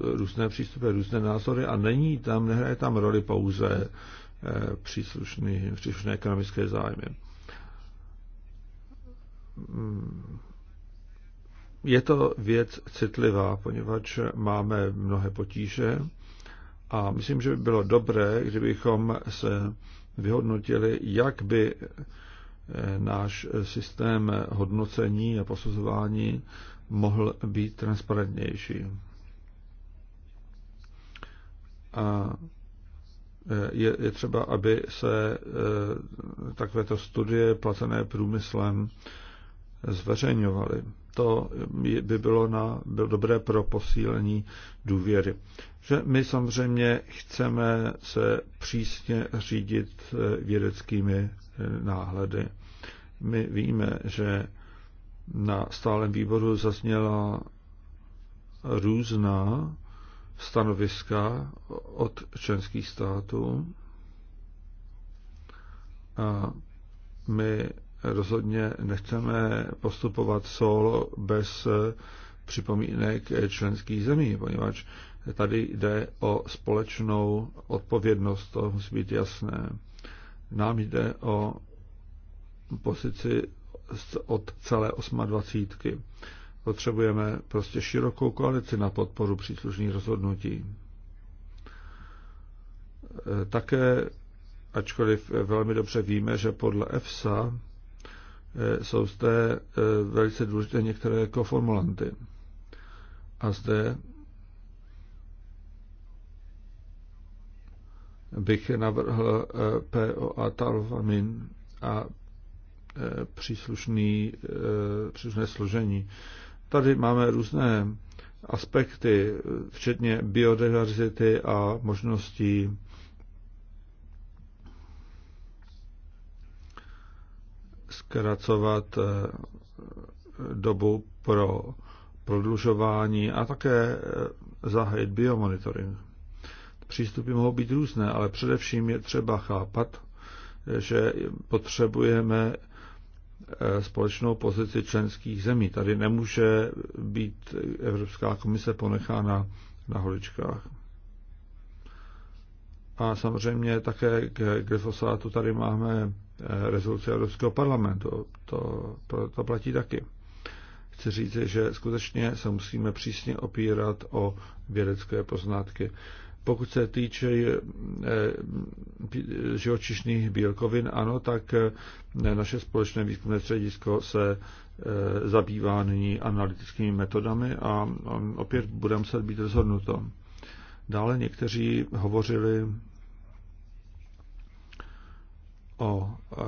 různé přístupy, různé názory a není tam, nehraje tam roli pouze příslušný, příslušné ekonomické zájmy hmm. Je to věc citlivá, poněvadž máme mnohé potíže a myslím, že by bylo dobré, kdybychom se vyhodnotili, jak by eh, náš systém hodnocení a posuzování mohl být transparentnější. A eh, je, je třeba, aby se eh, takovéto studie placené průmyslem zveřejňovaly to by bylo, na, bylo dobré pro posílení důvěry. Že my samozřejmě chceme se přísně řídit eh, vědeckými eh, náhledy. My víme, že na stálem výboru zazněla různá stanoviska od členských států. A my rozhodně nechceme postupovat solo bez připomínek členských zemí, poněvadž tady jde o společnou odpovědnost, to musí být jasné. Nám jde o pozici od celé 28. Potřebujeme prostě širokou koalici na podporu příslušných rozhodnutí. Také, ačkoliv velmi dobře víme, že podle EFSA Eh, jsou zde eh, velice důležité některé koformulanty. Jako a zde bych navrhl eh, PO a talvamin a příslušný, příslušné složení. Tady máme různé aspekty, včetně biodiverzity a možností zkracovat eh, dobu pro prodlužování a také eh, zahájit biomonitoring. Přístupy mohou být různé, ale především je třeba chápat, že potřebujeme eh, společnou pozici členských zemí. Tady nemůže být Evropská komise ponechána na holičkách. A samozřejmě také k glyfosátu tady máme Eh, rezoluce Evropského parlamentu. To, to, to platí taky. Chci říct, že skutečně se musíme přísně opírat o vědecké poznatky. Pokud se týče eh, živočišných bílkovin, ano, tak eh, naše společné výzkumné středisko se zabývá nyní analytickými metodami a opět bude muset být rozhodnuto. Dále někteří hovořili o e,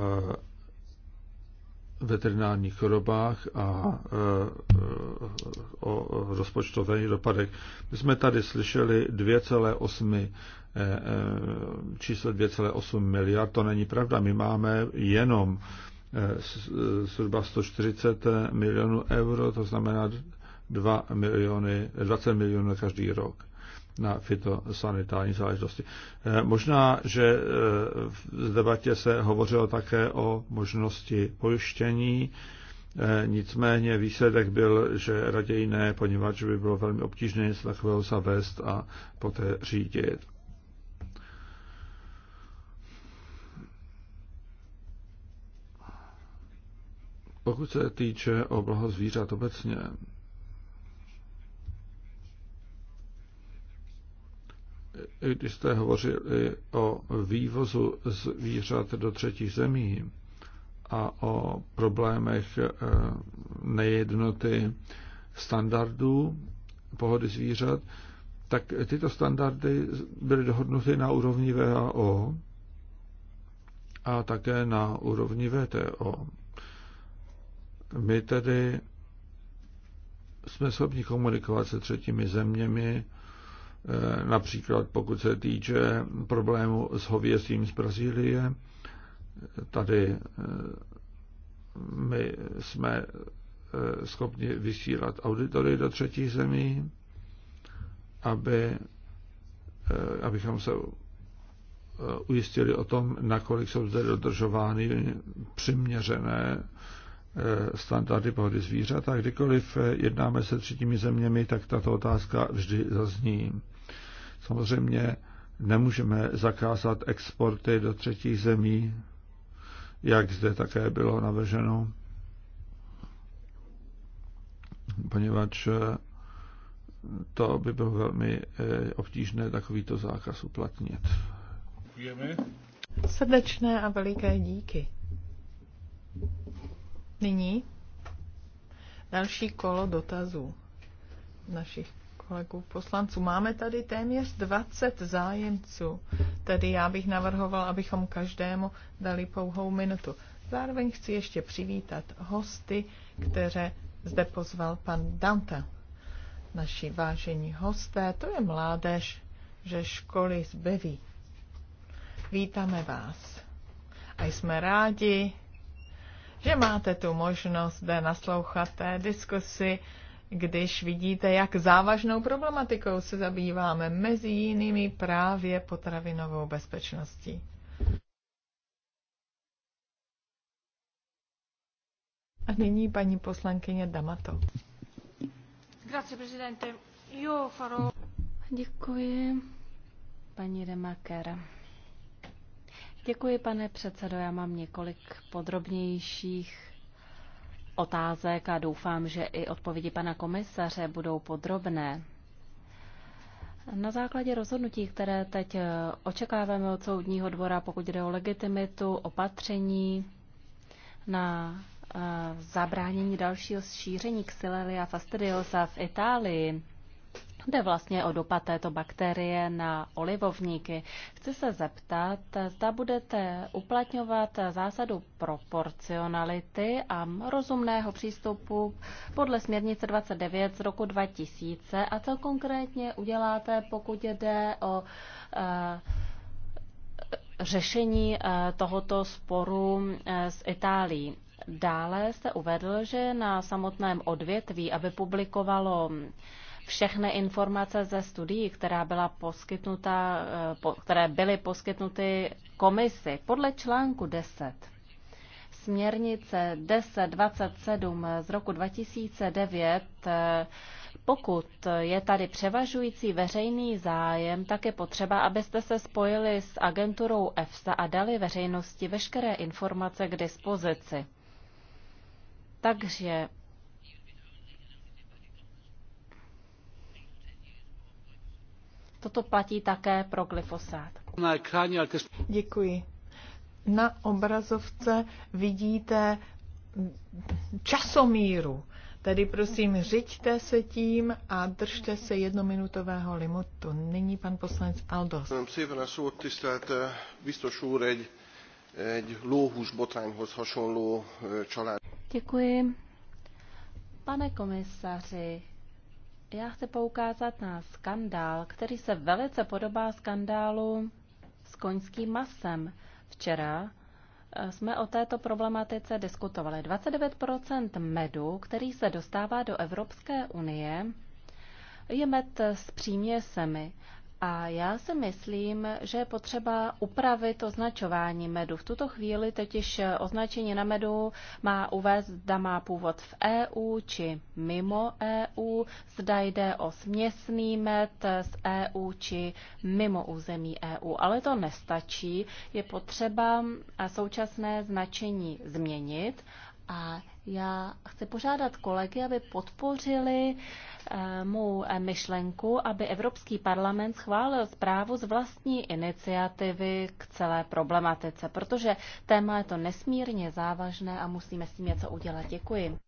veterinárních chorobách a e, e, o rozpočtových dopadech. My jsme tady slyšeli 2,8 číslo 2,8 miliard, to není pravda. My máme jenom zhruba 140 milionů euro, to znamená 2 miliony, 20 milionů každý rok na fitosanitární záležitosti. Eh, možná, že eh, v debatě se hovořilo také o možnosti pojištění, eh, nicméně výsledek byl, že raději ne, poněvadž by bylo velmi obtížné něco takového zavést a poté řídit. Pokud se týče obloho zvířat obecně, když jste hovořili o vývozu zvířat do třetích zemí a o problémech eh, nejednoty standardů pohody zvířat, tak tyto standardy byly dohodnuty na úrovni VAO a také na úrovni VTO. My tedy jsme schopni komunikovat se třetími zeměmi Eh, například pokud se týče problému s hovězím z Brazílie, eh, tady eh, my jsme schopni vysílat auditory do třetích zemí, aby, abychom se ujistili o tom, nakolik jsou zde dodržovány přiměřené standardy pohody zvířat a kdykoliv jednáme se třetími zeměmi, tak tato otázka vždy zazní. Samozřejmě nemůžeme zakázat exporty do třetích zemí, jak zde také bylo navrženo, poněvadž eh, to by bylo velmi eh, obtížné takovýto zákaz uplatnit. Děkujeme. Srdečné a veliké díky. Nyní další kolo dotazů našich kolegů poslanců. Máme tady téměř 20 zájemců, tedy já bych navrhoval, abychom každému dali pouhou minutu. Zároveň chci ještě přivítat hosty, které zde pozval pan Dante. Naši vážení hosté, to je mládež že školy zbeví. Vítáme vás a jsme rádi, že máte tu možnost zde naslouchat té diskusi když vidíte, jak závažnou problematikou se zabýváme, mezi jinými právě potravinovou bezpečností. A nyní paní poslankyně Damato. Grazie, prezidente. Io farò... Děkuji, paní Remakera. Děkuji, pane předsedo. Já mám několik podrobnějších otázek a doufám, že i odpovědi pana komisaře budou podrobné. Na základě rozhodnutí, které teď eh, očekáváme od soudního dvora, pokud jde o legitimitu, opatření na eh, zabránění dalšího šíření Xylella fastidiosa v Itálii, Jde vlastně o dopad této bakterie na olivovníky. Chci se zeptat, zda budete uplatňovat zásadu proporcionality a rozumného přístupu podle směrnice 29 z roku 2000 a co konkrétně uděláte, pokud jde o eh, řešení eh, tohoto sporu eh, s Itálií. Dále jste uvedl, že na samotném odvětví, aby publikovalo všechny informace ze studií, která byla poskytnuta, eh, které byly poskytnuty komisi podle článku 10 směrnice 1027 z roku 2009, eh, pokud je tady převažující veřejný zájem, tak je potřeba, abyste se spojili s agenturou EFSA a dali veřejnosti veškeré informace k dispozici. Takže Toto platí také pro glyfosát. Děkuji. Na obrazovce vidíte časomíru. Tedy prosím, řiďte se tím a držte se jednominutového limitu. Nyní pan poslanec Aldos. Köszönöm szépen eh, biztos úr, egy, egy lóhús botrányhoz hasonló eh, család. Děkuji. Pane komisaři, já chci poukázat na skandál, který se velice podobá skandálu s koňským masem. Včera eh, jsme o této problematice diskutovali. 29 medu, který se dostává do Evropské unie, je med s příměsemi. A já si myslím, že je potřeba upravit označování medu. V tuto chvíli totiž označení na medu má uvést, zda má původ v EU či mimo EU, zda jde o směsný med z EU či mimo území EU. Ale to nestačí. Je potřeba současné značení změnit a já chci požádat kolegy, aby podpořili eh, mou eh, myšlenku, aby Evropský parlament schválil zprávu z vlastní iniciativy k celé problematice, protože téma je to nesmírně závažné a musíme s tím něco udělat. Děkuji.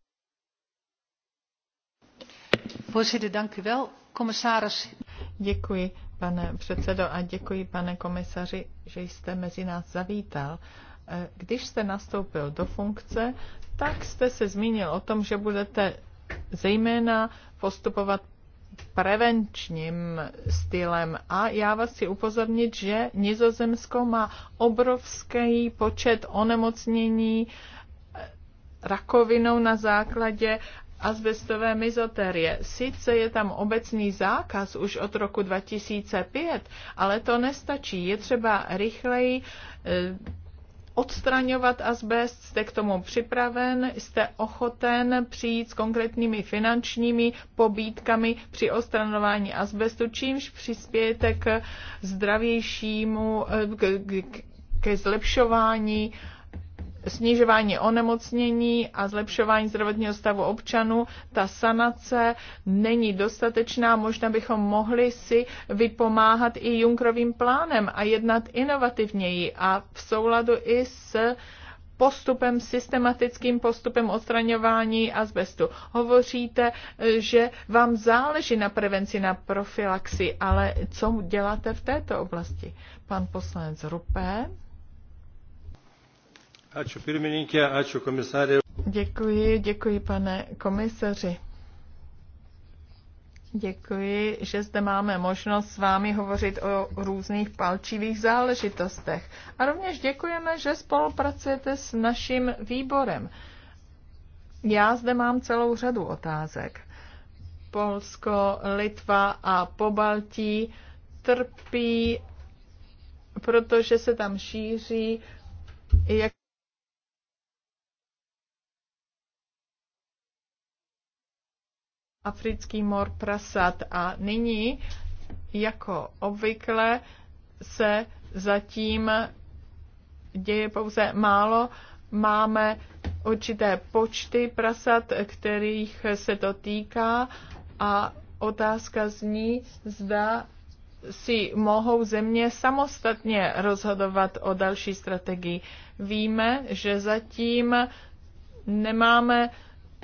Děkuji, pane předsedo, a děkuji, pane komisaři, že jste mezi nás zavítal. Eh, když jste nastoupil do funkce, tak jste se zmínil o tom, že budete zejména postupovat prevenčním stylem. A já vás chci upozornit, že Nizozemsko má obrovský počet onemocnění eh, rakovinou na základě azbestové mizoterie. Sice je tam obecný zákaz už od roku 2005, ale to nestačí. Je třeba rychleji eh, odstraňovat asbest, jste k tomu připraven, jste ochoten přijít s konkrétními finančními pobídkami při odstraňování asbestu, čímž přispějete k zdravějšímu, k, k, ke zlepšování snižování onemocnění a zlepšování zdravotního stavu občanů, ta sanace není dostatečná. Možná bychom mohli si vypomáhat i Junkrovým plánem a jednat inovativněji a v souladu i s postupem, systematickým postupem odstraňování azbestu. Hovoříte, že vám záleží na prevenci, na profilaxi, ale co děláte v této oblasti? Pan poslanec Rupé. Děkuji, děkuji pane komisaři. Děkuji, že zde máme možnost s vámi hovořit o různých palčivých záležitostech. A rovněž děkujeme, že spolupracujete s naším výborem. Já zde mám celou řadu otázek. Polsko, Litva a Pobaltí trpí, protože se tam šíří jak africký mor prasat. A nyní, jako obvykle, se zatím děje pouze málo. Máme určité počty prasat, kterých se to týká a otázka zní, zda si mohou země samostatně rozhodovat o další strategii. Víme, že zatím nemáme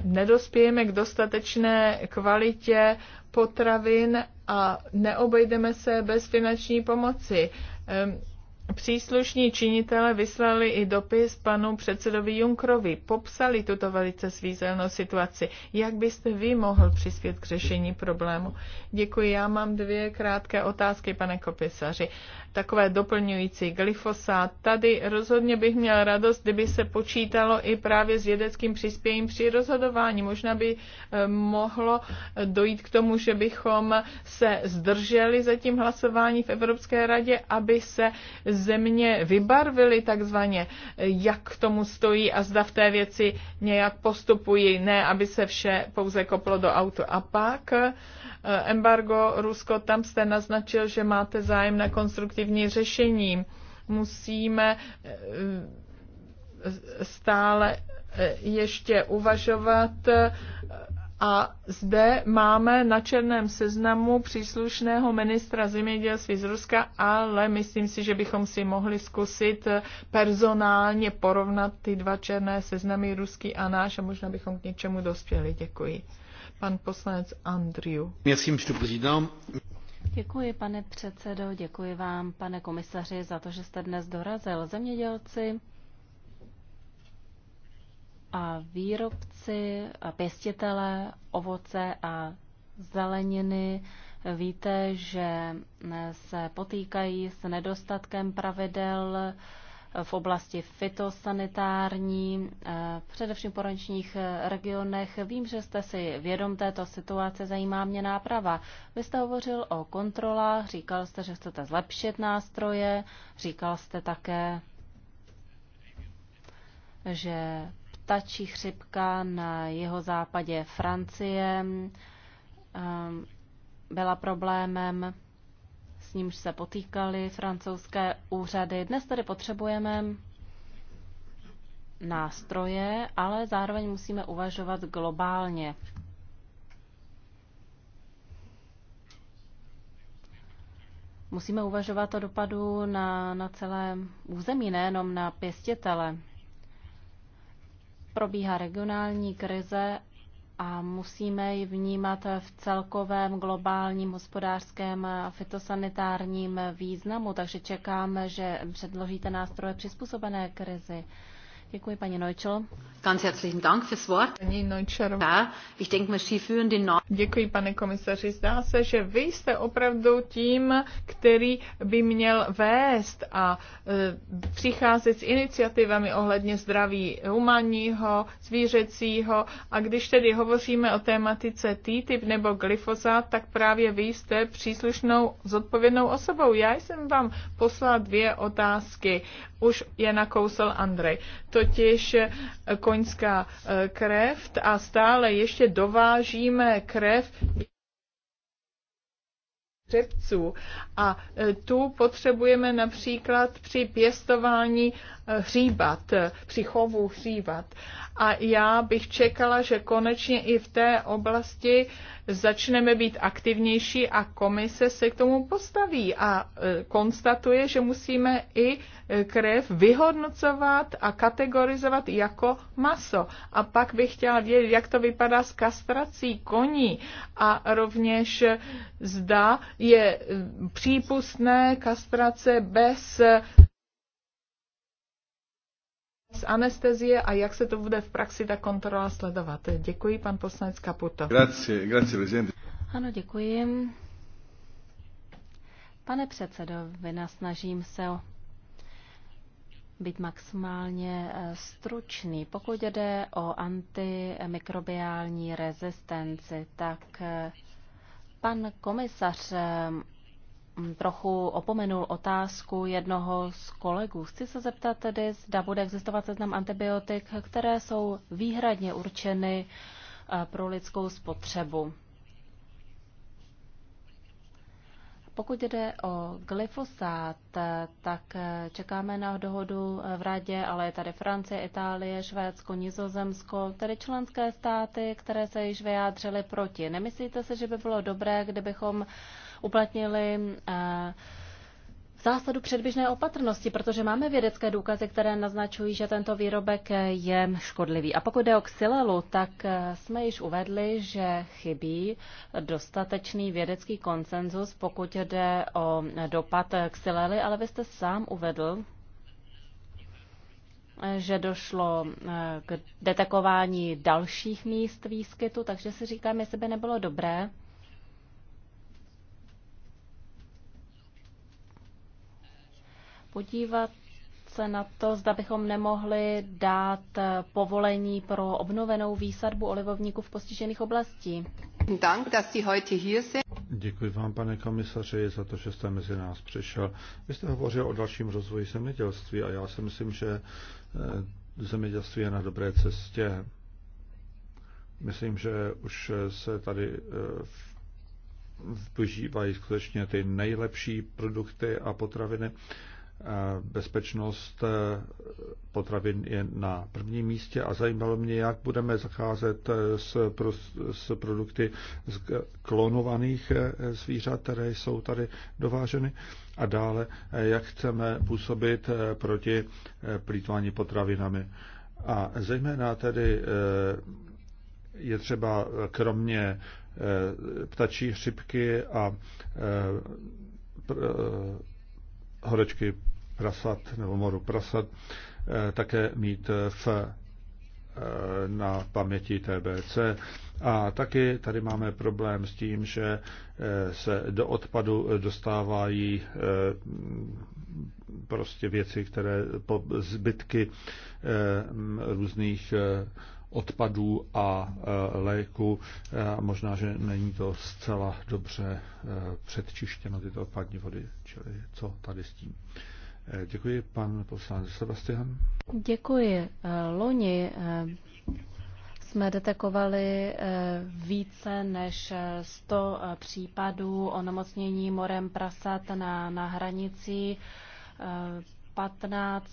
nedospějeme k dostatečné kvalitě potravin a neobejdeme se bez finanční pomoci. Příslušní činitele vyslali i dopis panu předsedovi Junkrovi. Popsali tuto velice svízelnou situaci. Jak byste vy mohl přispět k řešení problému? Děkuji. Já mám dvě krátké otázky, pane kopisaři. Takové doplňující glyfosát. Tady rozhodně bych měl radost, kdyby se počítalo i právě s vědeckým přispěním při rozhodování. Možná by eh, mohlo dojít k tomu, že bychom se zdrželi zatím hlasování v Evropské radě, aby se země vybarvili takzvaně, jak k tomu stojí a zda v té věci nějak postupují, ne aby se vše pouze koplo do autu. A pak eh, embargo Rusko, tam jste naznačil, že máte zájem na konstruktivní řešení. Musíme eh, stále eh, ještě uvažovat a zde máme na černém seznamu příslušného ministra zemědělství z Ruska, ale myslím si, že bychom si mohli zkusit personálně porovnat ty dva černé seznamy, ruský a náš, a možná bychom k něčemu dospěli. Děkuji. Pan poslanec Andriu. Děkuji, pane předsedo, děkuji vám, pane komisaři, za to, že jste dnes dorazil. Zemědělci a výrobci a pěstitele ovoce a zeleniny víte, že se potýkají s nedostatkem pravidel v oblasti fitosanitární, eh, především v porančních regionech. Vím, že jste si vědom této situace, zajímá mě náprava. Vy jste hovořil o kontrolách, říkal jste, že chcete zlepšit nástroje, říkal jste také, že ptačí chřipka na jeho západě Francie ehm, byla problémem, s nímž se potýkaly francouzské úřady. Dnes tedy potřebujeme nástroje, ale zároveň musíme uvažovat globálně. Musíme uvažovat o dopadu na, na celé území, nejenom na pěstitele probíhá regionální krize a musíme ji vnímat v celkovém globálním hospodářském a fitosanitárním významu, takže čekáme, že předložíte nástroje přizpůsobené krizi. Děkuji, paní Neutschel. Ganz herzlichen Dank fürs Wort. Paní Ja, Ich denke, wir führen den Děkuji, pane komisaři. Zdá se, že vy jste opravdu tím, který by měl vést a e, přicházet s iniciativami ohledně zdraví humanního, zvířecího. A když tedy hovoříme o tématice TTIP nebo glyfosát, tak právě vy jste příslušnou zodpovědnou osobou. Já jsem vám poslala dvě otázky už je nakousl Andrej. Totiž eh, koňská eh, krev a stále ještě dovážíme krev Řepců. A eh, tu potřebujeme například při pěstování hříbat, při chovu hříbat a já bych čekala, že konečně i v té oblasti začneme být aktivnější a komise se k tomu postaví a e, konstatuje, že musíme i e, krev vyhodnocovat a kategorizovat jako maso. A pak bych chtěla vědět, jak to vypadá s kastrací koní a rovněž e, zda je přípustné kastrace bez z anestezie a jak se to bude v praxi ta kontrola sledovat. Děkuji, pan poslanec Kaputo. Grazie, grazie, presidente. Ano, děkuji. Pane předsedo, snažím se být maximálně eh, stručný. Pokud jde o antimikrobiální rezistenci, tak eh, pan komisař eh, Mm, trochu opomenul otázku jednoho z kolegů. Chci se zeptat tedy, zda bude existovat seznam antibiotik, které jsou výhradně určeny eh, pro lidskou spotřebu. Pokud jde o glyfosát, tak čekáme na dohodu v radě, ale je tady Francie, Itálie, Švédsko, Nizozemsko, tedy členské státy, které se již vyjádřily proti. Nemyslíte si, že by bylo dobré, kdybychom uplatnili eh, zásadu předběžné opatrnosti, protože máme vědecké důkazy, které naznačují, že tento výrobek je škodlivý. A pokud jde o xylelu, tak eh, jsme již uvedli, že chybí dostatečný vědecký konsenzus, pokud jde o dopad xylely, ale vy jste sám uvedl, že došlo eh, k detekování dalších míst výskytu, takže si říkám, jestli by nebylo dobré podívat se na to, zda bychom nemohli dát eh, povolení pro obnovenou výsadbu olivovníků v postižených oblasti? Děkuji vám, pane komisaři, za to, že jste mezi nás přišel. Vy jste hovořil o dalším rozvoji zemědělství a já si myslím, že eh, zemědělství je na dobré cestě. Myslím, že už se tady eh, využívají skutečně ty nejlepší produkty a potraviny. Bezpečnost eh, potravin je na prvním místě a zajímalo mě, jak budeme zacházet eh, s, pro, s produkty z klonovaných eh, zvířat, které jsou tady dováženy a dále, jak chceme působit proti plítvání potravinami. A zejména tedy je třeba kromě ptačí chřipky a horečky prasat nebo moru prasat, eh, také mít v, eh, na paměti TBC. A taky tady máme problém s tím, že eh, se do odpadu dostávají prostě věci, které po zbytky různých odpadů a léku. Možná, že není to zcela dobře předčištěno tyto odpadní vody, čili co tady s tím. Děkuji, pan poslanec Sebastian. Děkuji. Eh, loni eh, jsme detekovali eh, více než 100 případů onemocnění morem prasat na, na hranici. 15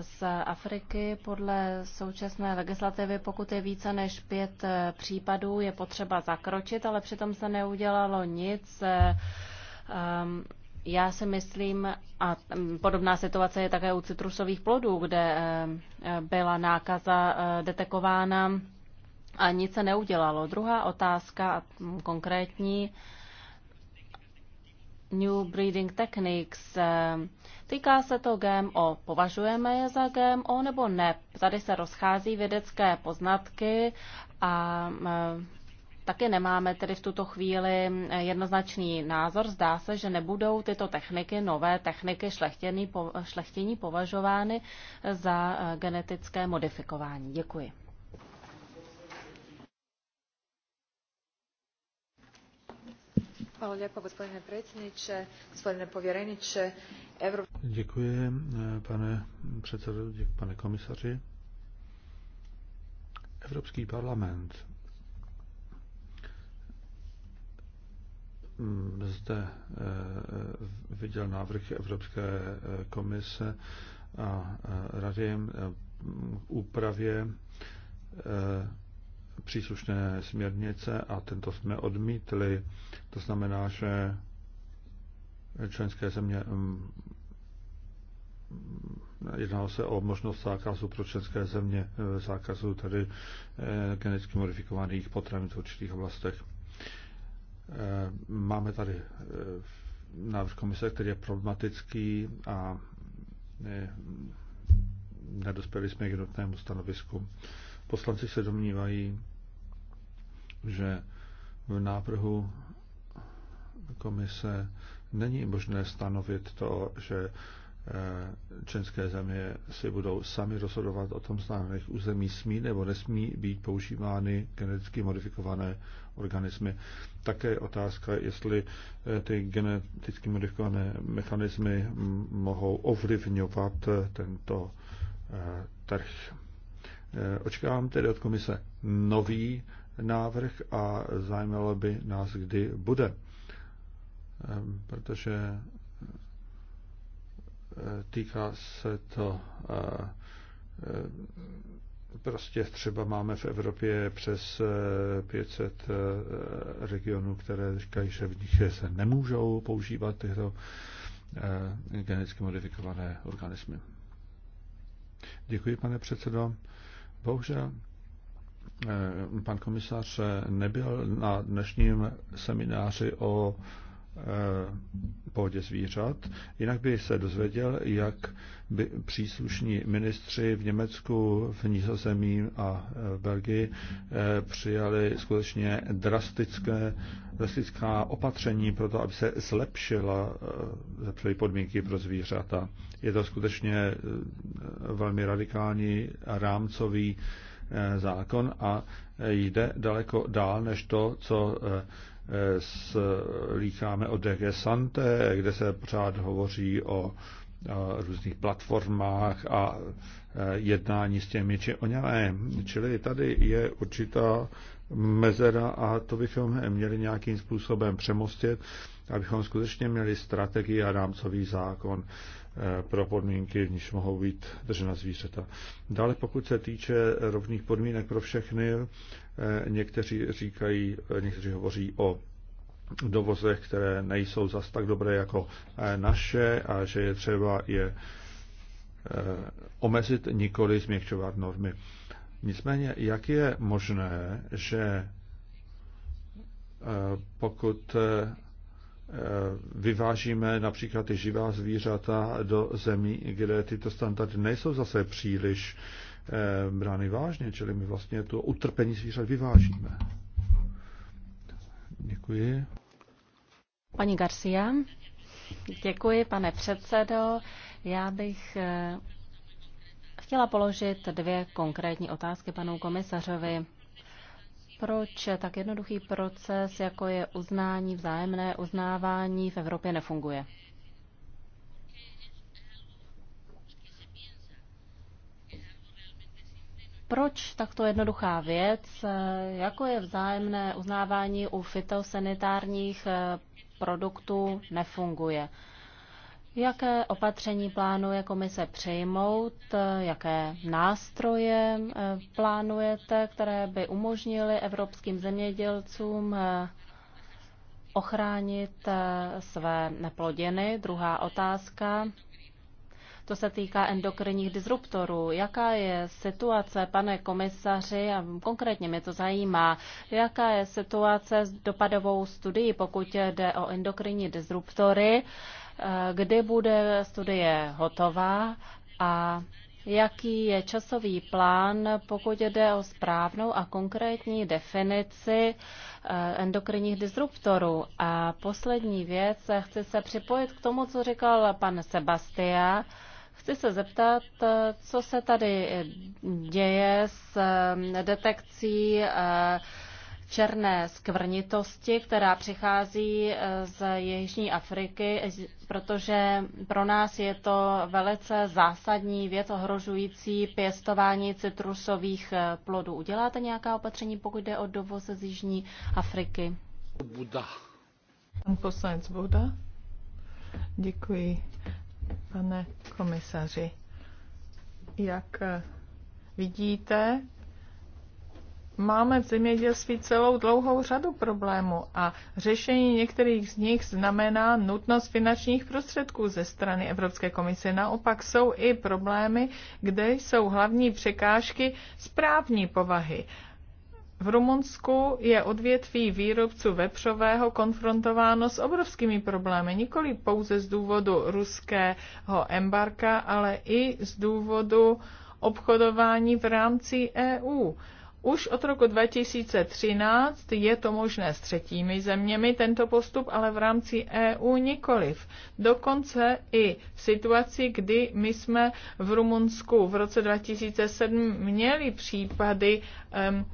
z Afriky. Podle současné legislativy, pokud je více než pět případů, je potřeba zakročit, ale přitom se neudělalo nic. Ehm, já si myslím, a mm, podobná situace je také u citrusových plodů, kde eh, byla nákaza eh, detekována a nic se neudělalo. Druhá otázka, konkrétní, New Breeding Techniques. Eh, týká se to GMO. Považujeme je za GMO nebo ne? Tady se rozchází vědecké poznatky a Taky nemáme tedy v tuto chvíli eh, jednoznačný názor. Zdá se, že nebudou tyto techniky, nové techniky šlechtění, považovány eh, za eh, genetické modifikování. Děkuji. gospodine predsjedniče gospodine povjereniče Děkuji, pane předsedo, děkuji, pane komisaři. Evropský parlament Mm, zde eh, eh, viděl návrh Evropské eh, komise a rady k úpravě příslušné směrnice a tento jsme odmítli. To znamená, že členské země mm, jednalo se o možnost zákazu pro české země, zákazu tedy geneticky modifikovaných potravin v určitých oblastech. Eh, máme tady eh, návrh komise, který je problematický a eh, nedospěli jsme k jednotnému stanovisku. Poslanci se domnívají, že v návrhu komise není možné stanovit to, že Eh, české země si budou sami rozhodovat o tom, zda na jejich území smí nebo nesmí být používány geneticky modifikované organismy. Také je otázka, jestli eh, ty geneticky modifikované mechanismy mohou ovlivňovat eh, tento trh. Očekávám tedy od komise nový návrh a zajímalo by nás, kdy bude. Protože Týká se to e, prostě třeba máme v Evropě přes 500 e, e, regionů, které říkají, že v nich se nemůžou používat tyto geneticky modifikované organismy. Děkuji, pane předsedo. Bohužel pan komisař nebyl na dnešním semináři o Eh, pohodě zvířat, jinak by se dozvěděl, jak by příslušní ministři v Německu, v Nizozemí a v eh, Belgii eh, přijali skutečně drastické, drastická opatření pro to, aby se zlepšila, zlepšily podmínky pro zvířata. Je to skutečně velmi radikální rámcový zákon a jde daleko dál než to, co slýcháme o DG Sante, kde se pořád hovoří o různých platformách a e, jednání s těmi či o Čili tady je určitá mezera a to bychom měli nějakým způsobem přemostit, abychom skutečně měli strategii a rámcový zákon e, pro podmínky, v níž mohou být držena zvířata. Dále pokud se týče rovných podmínek pro všechny, Eh, někteří říkají, eh, někteří hovoří o dovozech, které nejsou zas tak dobré jako eh, naše a že je třeba je omezit nikoli změkčovat normy. Nicméně, jak je možné, že pokud vyvážíme například i živá zvířata do zemí, kde tyto standardy nejsou zase příliš Eh, brány vážně, čili my vlastně to utrpení zvířat vyvážíme. Děkuji. Paní Garcia, děkuji, pane předsedo. Já bych eh, chtěla položit dvě konkrétní otázky panu komisařovi. Proč tak jednoduchý proces, jako je uznání, vzájemné uznávání v Evropě nefunguje? proč takto jednoduchá věc, eh, jako je vzájemné uznávání u fitosanitárních eh, produktů, nefunguje. Jaké opatření plánuje komise přejmout? Eh, jaké nástroje plánujete, které by umožnily evropským zemědělcům ochránit své neplodiny? Druhá otázka. To se týká endokrinních disruptorů. Jaká je situace, pane komisaři, a konkrétně mě to zajímá, jaká je situace s dopadovou studií, pokud jde o endokrinní disruptory, eh, kdy bude studie hotová a Jaký je časový plán, pokud jde o správnou a konkrétní definici eh, endokrinních disruptorů? A poslední věc, chci se připojit k tomu, co říkal pan Sebastian. Chci se zeptat, co se tady děje s um, detekcí uh, černé skvrnitosti, která přichází uh, z Jižní Afriky, protože pro nás je to velice zásadní věc ohrožující pěstování citrusových uh, plodů. Uděláte nějaká opatření, pokud jde o dovoz z Jižní Afriky? Buda. Pan poslanec Buda. Děkuji. Pane komisaři, jak eh, vidíte, máme v zemědělství celou dlouhou řadu problémů a řešení některých z nich znamená nutnost finančních prostředků ze strany Evropské komise. Naopak jsou i problémy, kde jsou hlavní překážky správní povahy. V Rumunsku je odvětví výrobců vepřového konfrontováno s obrovskými problémy, nikoli pouze z důvodu ruského embarka, ale i z důvodu obchodování v rámci EU. Už od roku 2013 je to možné s třetími zeměmi, tento postup ale v rámci EU nikoliv. Dokonce i v situaci, kdy my jsme v Rumunsku v roce 2007 měli případy um,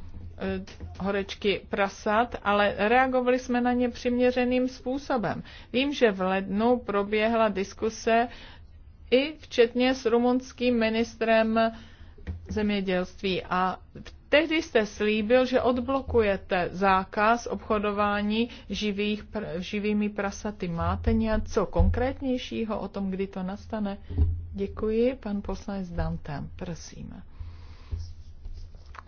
Eh, horečky prasat, ale reagovali jsme na ně přiměřeným způsobem. Vím, že v lednu proběhla diskuse i včetně s rumunským ministrem zemědělství a Tehdy jste slíbil, že odblokujete zákaz obchodování živých, živými prasaty. Máte něco konkrétnějšího o tom, kdy to nastane? Děkuji, pan poslanec Dantem, prosím.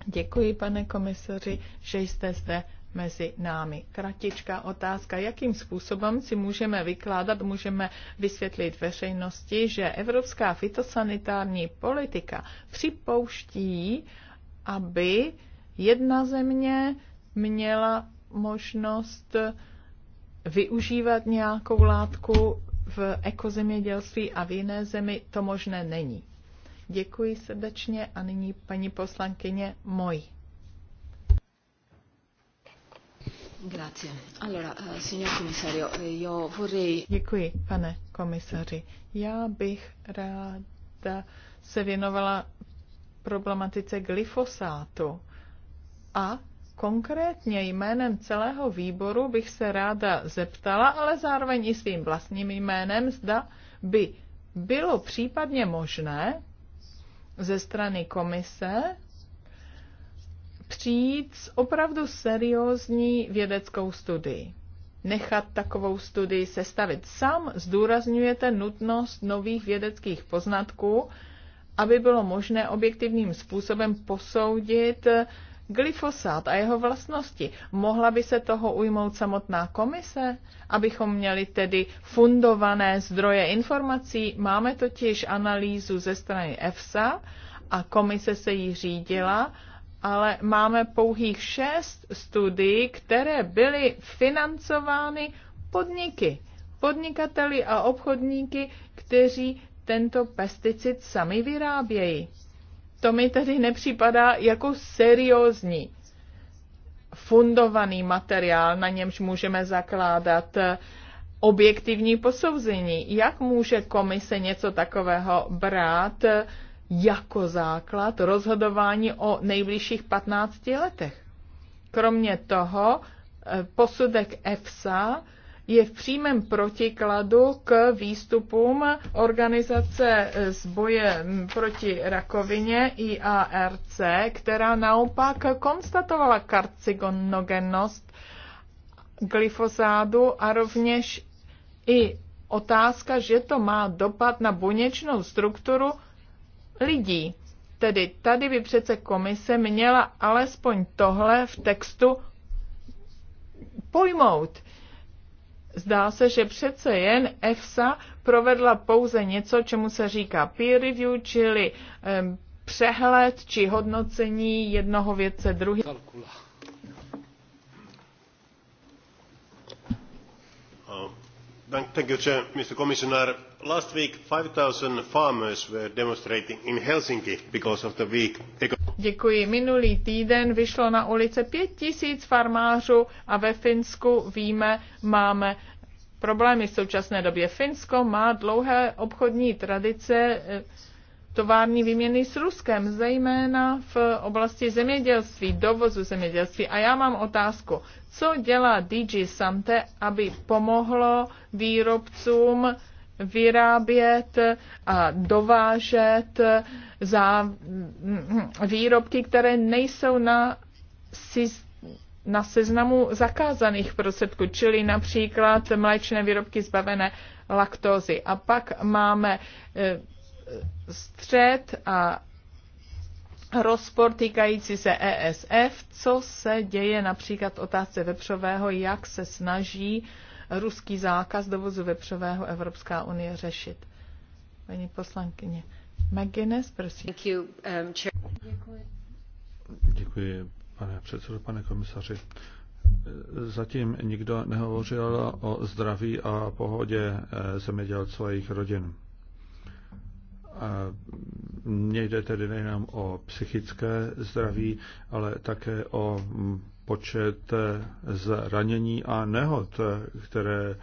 Děkuji, pane komisaři, že jste zde mezi námi. Kratička otázka, jakým způsobem si můžeme vykládat, můžeme vysvětlit veřejnosti, že evropská fitosanitární politika připouští, aby jedna země měla možnost využívat nějakou látku v ekozemědělství a v jiné zemi to možné není. Děkuji srdečně a nyní paní poslankyně Moj. Eh, eh, Děkuji, pane komisaři. Já bych ráda se věnovala problematice glyfosátu a Konkrétně jménem celého výboru bych se ráda zeptala, ale zároveň i svým vlastním jménem, zda by bylo případně možné ze strany komise přijít s opravdu seriózní vědeckou studií. Nechat takovou studii sestavit. Sám zdůrazňujete nutnost nových vědeckých poznatků, aby bylo možné objektivním způsobem posoudit glyfosát a jeho vlastnosti. Mohla by se toho ujmout samotná komise, abychom měli tedy fundované zdroje informací. Máme totiž analýzu ze strany EFSA a komise se jí řídila, ale máme pouhých šest studií, které byly financovány podniky, podnikateli a obchodníky, kteří tento pesticid sami vyrábějí. To mi tedy nepřipadá jako seriózní fundovaný materiál, na němž můžeme zakládat objektivní posouzení. Jak může komise něco takového brát jako základ rozhodování o nejbližších 15 letech? Kromě toho, eh, posudek EFSA je v přímém protikladu k výstupům organizace eh, z boje hm, proti rakovině IARC, která naopak konstatovala karcinogennost glyfosádu a rovněž i otázka, že to má dopad na buněčnou strukturu lidí. Tedy tady by přece komise měla alespoň tohle v textu pojmout. Zdá se, že přece jen EFSA provedla pouze něco, čemu se říká peer review, čili um, přehled či hodnocení jednoho vědce druhého. Uh, thank you, Mr. Commissioner last week 5,000 farmers were demonstrating in Helsinki because of the weak Děkuji. Minulý týden vyšlo na ulice pět tisíc farmářů a ve Finsku víme, máme problémy v současné době. Finsko má dlouhé obchodní tradice eh, tovární výměny s Ruskem, zejména v oblasti zemědělství, dovozu zemědělství. A já mám otázku, co dělá DG Sante, aby pomohlo výrobcům vyrábět a dovážet za výrobky, které nejsou na, na seznamu zakázaných prostředků, čili například mléčné výrobky zbavené laktózy. A pak máme e, střed a rozpor týkající se ESF, co se děje například otázce vepřového, jak se snaží uh, ruský zákaz dovozu vepřového Evropská unie řešit. Paní poslankyně McGuinness, prosím. Thank you, um, chair. Děkuji. Děkuji, pane předsedo, pane komisaři. Zatím nikdo nehovořil o zdraví a pohodě eh, zemědělců a jejich rodin. Mně jde tedy nejenom o psychické zdraví, ale také o mm, počet zranění a nehod, které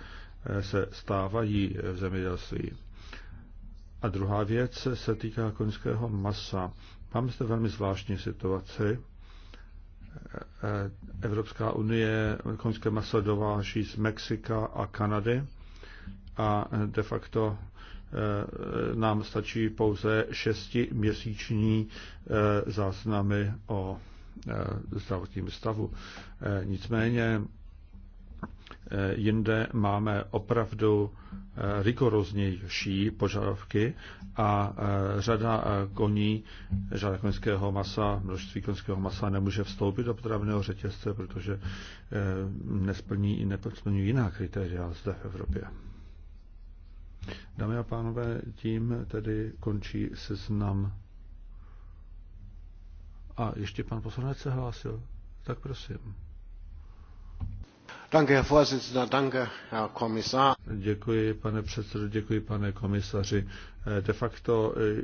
se stávají v zemědělství. A druhá věc se týká koňského masa. Máme zde velmi zvláštní situaci. Evropská unie koňské maso dováží z Mexika a Kanady a de facto eh, nám stačí pouze šestiměsíční eh, záznamy o E, zdravotním stavu. E, nicméně e, jinde máme opravdu rigoroznější požadavky a řada koní, řada koňského masa, množství koňského masa nemůže vstoupit do potravného řetězce, protože nesplní, nesplňují jiná kritéria zde v Evropě. Dámy a pánové, tím tedy končí seznam a ještě pan poslanec se hlásil. Tak prosím. Děkuji, pane předsedo, děkuji, pane komisaři. De facto eh,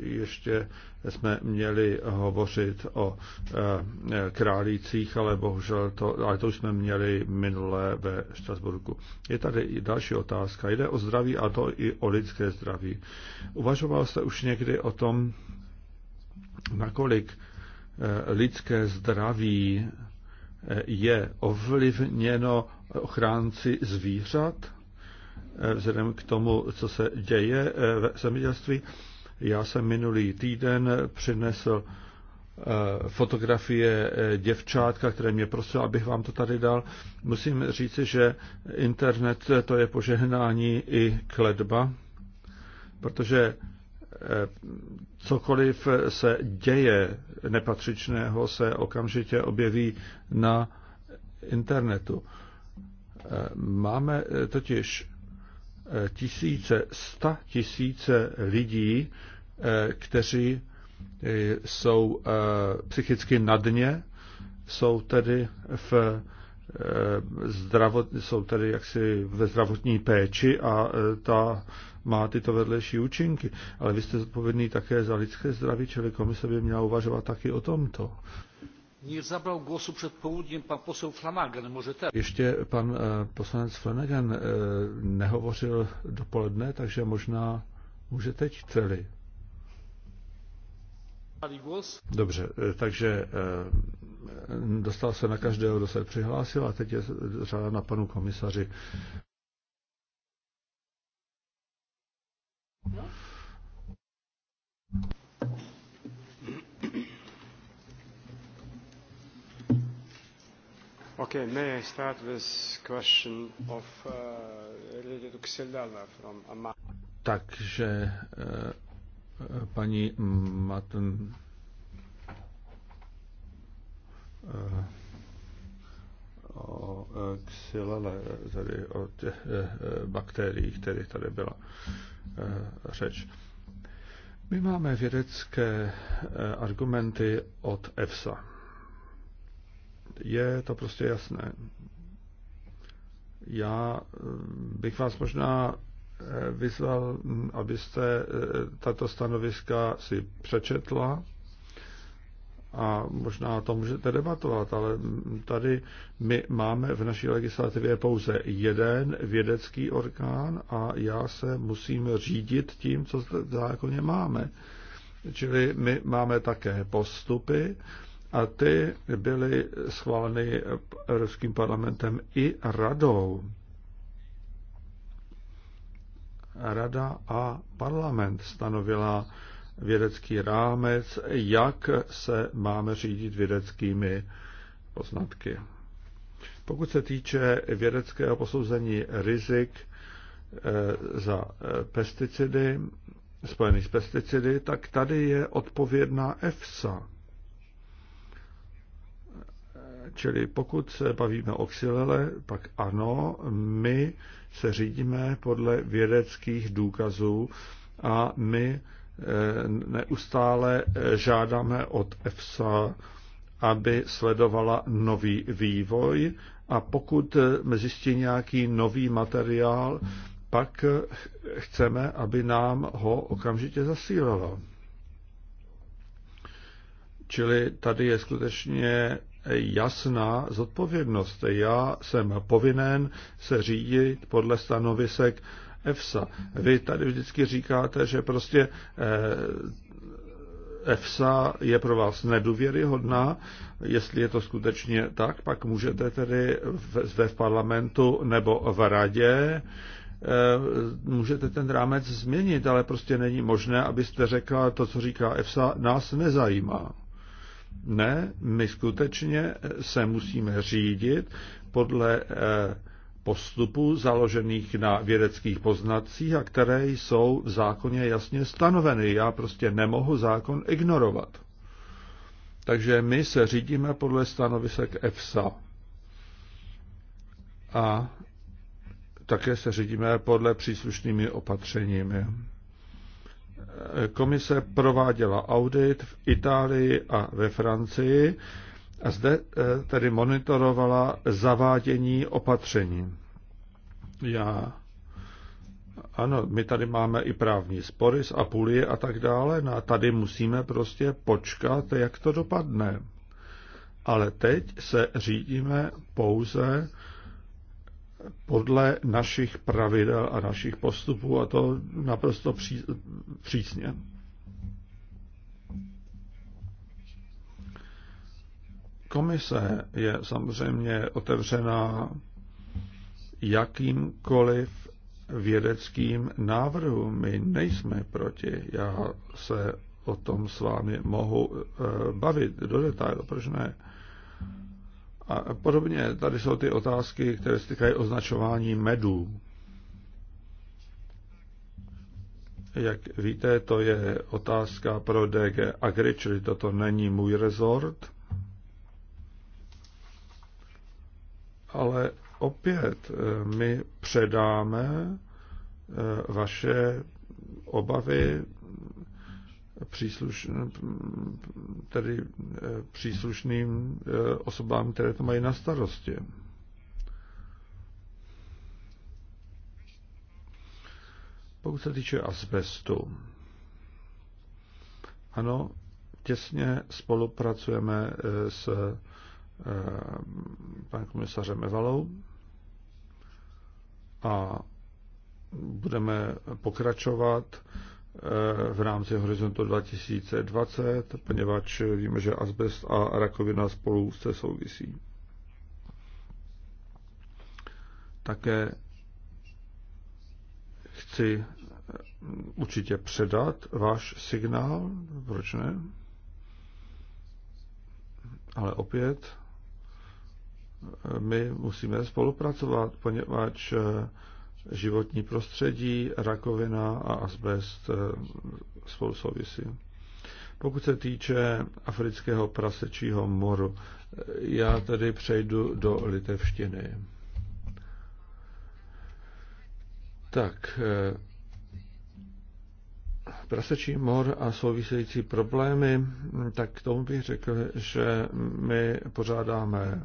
ještě jsme měli hovořit o eh, králících, ale bohužel to, ale to už jsme měli minulé ve Štrasburku. Je tady i další otázka. Jde o zdraví a to i o lidské zdraví. Uvažoval jste už někdy o tom, nakolik Eh, lidské zdraví eh, je ovlivněno ochránci zvířat, eh, vzhledem k tomu, co se děje v zemědělství. Já jsem minulý týden přinesl fotografie děvčátka, které mě prosil, abych vám to tady dal. Musím říci, že internet to je požehnání i kledba, protože Eh, cokoliv se děje nepatřičného, se okamžitě objeví na internetu. Eh, máme eh, totiž tisíce, sta tisíce lidí, kteří jsou psychicky na dně, jsou tedy v zdravot, jsou tedy jaksi ve zdravotní péči a ta má tyto vedlejší účinky, ale vy jste zodpovědný také za lidské zdraví, čili komise by měla uvažovat taky o tomto. Nie głosu před południem pan poseł Flanagan, może Ještě pan e, poslanec Flanagan e, nehovořil dopoledne, takže možná může teď celý. Dobře, e, takže dostal se na každého, kdo se přihlásil a teď je řada na panu komisaři. Okay, may I start with question of uh, related to Xildana from Amman. Takže uh, uh paní Matten uh, o xylele, tedy o těch eh, eh, bakteriích, které tady byla eh, řeč. My máme vědecké argumenty od EFSA. Je to prostě jasné. Já bych vás možná vyzval, mm, abyste tato stanoviska si přečetla a možná to můžete debatovat, ale tady my máme v naší legislativě pouze jeden vědecký orgán a já se musím řídit tím, co v zákoně máme. Čili my máme také postupy a ty byly schváleny Evropským parlamentem i radou. Rada a parlament stanovila vědecký rámec, jak se máme řídit vědeckými poznatky. Pokud se týče vědeckého posouzení rizik eh, za eh, pesticidy, spojených s pesticidy, tak tady je odpovědná EFSA. Čili pokud se bavíme o xylele, pak ano, my se řídíme podle vědeckých důkazů a my neustále žádáme od EFSA, aby sledovala nový vývoj a pokud zjistí nějaký nový materiál, pak chceme, aby nám ho okamžitě zasílala. Čili tady je skutečně jasná zodpovědnost. Já jsem povinen se řídit podle stanovisek EFSA. Vy tady vždycky říkáte, že prostě eh, EFSA je pro vás nedůvěryhodná. Jestli je to skutečně tak, pak můžete tedy zde v parlamentu nebo v radě eh, můžete ten rámec změnit, ale prostě není možné, abyste řekla to, co říká EFSA, nás nezajímá. Ne, my skutečně se musíme řídit podle eh, postupů založených na vědeckých poznatcích a které jsou v zákoně jasně stanoveny. Já prostě nemohu zákon ignorovat. Takže my se řídíme podle stanovisek EFSA. A také se řídíme podle příslušnými opatřeními. Komise prováděla audit v Itálii a ve Francii zde eh, tedy monitorovala zavádění opatření. Já ano, my tady máme i právní spory z Apulie a tak dále, no a tady musíme prostě počkat, jak to dopadne. Ale teď se řídíme pouze podle našich pravidel a našich postupů a to naprosto pří, přísně. Komise je samozřejmě otevřená jakýmkoliv vědeckým návrhům. My nejsme proti. Já se o tom s vámi mohu eh, bavit do detailu, proč ne? A podobně, tady jsou ty otázky, které se týkají označování medů. Jak víte, to je otázka pro DG Agri, čili toto není můj rezort. ale opět eh, my předáme eh, vaše obavy přísluš, tedy eh, příslušným osobám, které to mají na starosti. Pokud se týče asbestu, ano, těsně spolupracujeme s Eh, panem komisařem Evalou a budeme pokračovat eh, v rámci horizontu 2020, poněvadž víme, že asbest a rakovina spolu se souvisí. Také chci eh, určitě předat váš signál, proč ne? Ale opět my musíme spolupracovat, poněvadž eh, životní prostředí, rakovina a asbest eh, spolu souvisí. Pokud se týče afrického prasečího moru, eh, já tedy přejdu do litevštiny. Tak, prasečí mor a související problémy, hm, tak k tomu bych řekl, že my pořádáme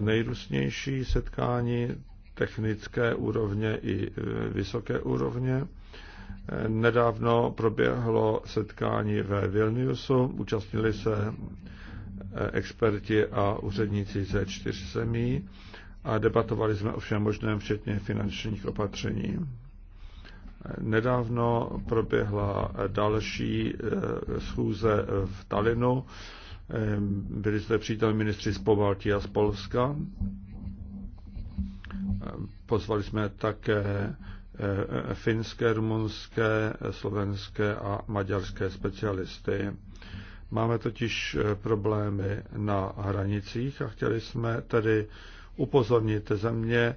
nejrůznější setkání technické úrovně i e, vysoké úrovně. E, nedávno proběhlo setkání ve Vilniusu, účastnili se e, experti a úředníci ze čtyř zemí a debatovali jsme o všem možném, včetně finančních opatření. Nedávno proběhla další schůze v Talinu byli zde přítel ministři z Povaltí a z Polska. Pozvali jsme také e, e, finské, rumunské, slovenské a maďarské specialisty. Máme totiž e, problémy na hranicích a chtěli jsme tedy upozornit země,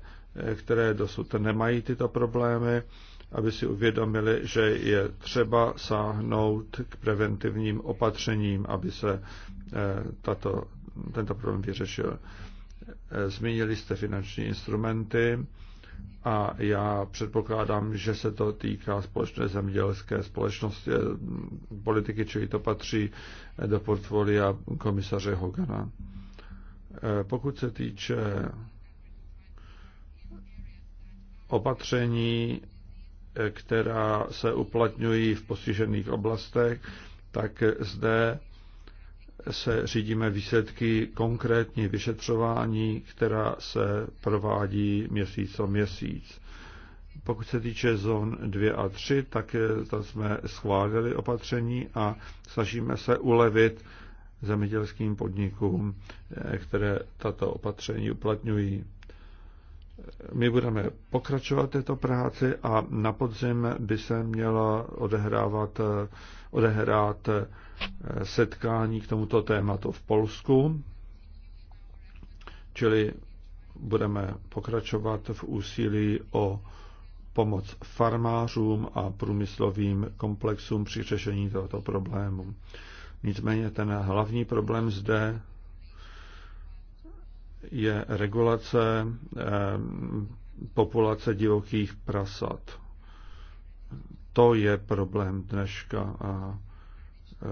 které dosud nemají tyto problémy, aby si uvědomili, že je třeba sáhnout k preventivním opatřením, aby se eh, tato, tento problém vyřešil. Eh, zmínili jste finanční instrumenty a já předpokládám, že se to týká společné zemědělské společnosti, eh, politiky, čili to patří do portfolia komisaře Hogana. Pokud se týče opatření která se uplatňují v postižených oblastech, tak zde se řídíme výsledky konkrétní vyšetřování, která se provádí měsíc o měsíc. Pokud se týče zón 2 a 3, tak eh, tam jsme schválili opatření a snažíme se ulevit zemědělským podnikům, eh, které tato opatření uplatňují. My budeme pokračovat této práci a na podzim by se měla odehrávat, odehrát eh, setkání k tomuto tématu v Polsku, čili budeme pokračovat v úsilí o pomoc farmářům a průmyslovým komplexům při řešení tohoto problému. Nicméně ten hlavní problém zde je regulace eh, populace divokých prasat. To je problém dneška a eh,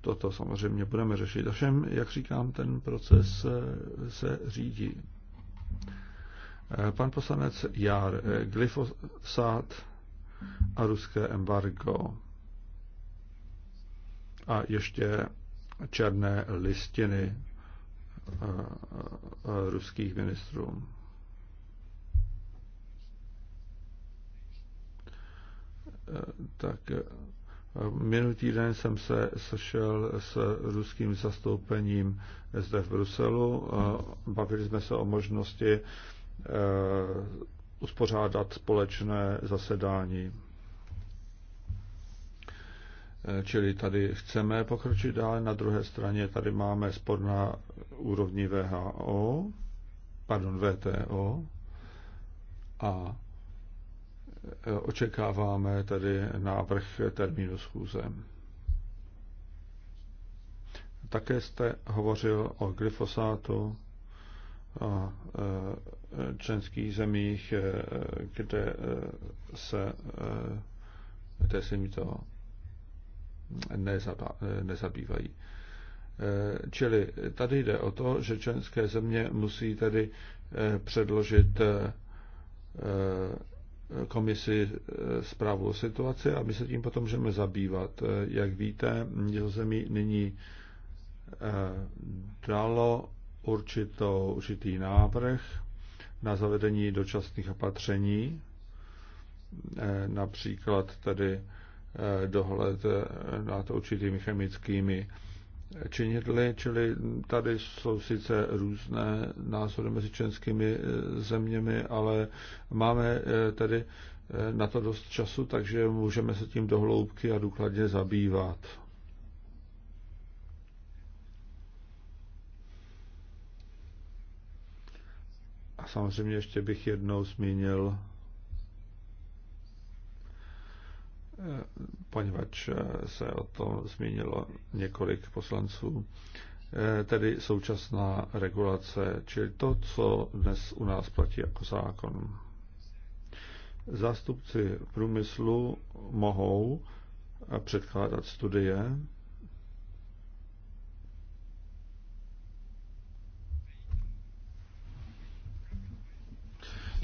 toto samozřejmě budeme řešit. Ovšem, jak říkám, ten proces eh, se řídí. Pan poslanec Jár, glyfosát a ruské embargo a ještě černé listiny ruských ministrů. E, tak e, minulý týden jsem se sešel s ruským zastoupením zde v Bruselu. Bavili jsme se o možnosti e, uspořádat společné zasedání Eh, čili tady chceme pokročit dále, na druhé straně tady máme spor na úrovni VHO, pardon, VTO a eh, očekáváme tady návrh termínu schůze. Také jste hovořil o glyfosátu a eh, členských zemích, kde se testy to nezabývají. Eh, čili tady jde o to, že členské země musí tady eh, předložit eh, komisi zprávu o situaci a my se tím potom můžeme zabývat. Jak víte, Nizozemí nyní dalo určitou, určitý návrh na zavedení dočasných opatření, například tedy Eh, dohled eh, nad určitými chemickými činiteli, čili tady jsou sice různé názory mezi členskými eh, zeměmi, ale máme tady na to dost času, takže můžeme se tím dohloubky a důkladně zabývat. A samozřejmě ještě bych jednou zmínil poněvadž eh, se o tom zmínilo několik poslanců, eh, tedy současná regulace, čili to, co dnes u nás platí jako zákon. Zástupci průmyslu mohou eh, předkládat studie,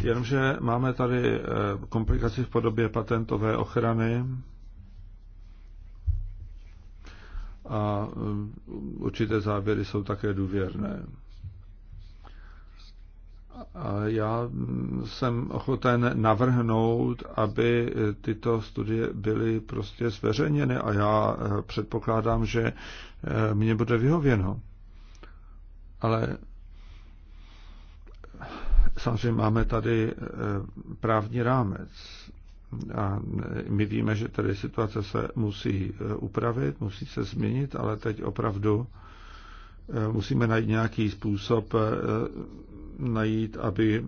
Jenomže máme tady komplikaci v podobě patentové ochrany, a um, určité závěry jsou také důvěrné. A já mm, jsem ochoten navrhnout, aby tyto studie byly prostě zveřejněny a já eh, předpokládám, že eh, mě bude vyhověno. Ale samozřejmě máme tady eh, právní rámec a my víme, že tady situace se musí eh, upravit, musí se změnit, ale teď opravdu eh, musíme najít nějaký způsob eh, najít, aby,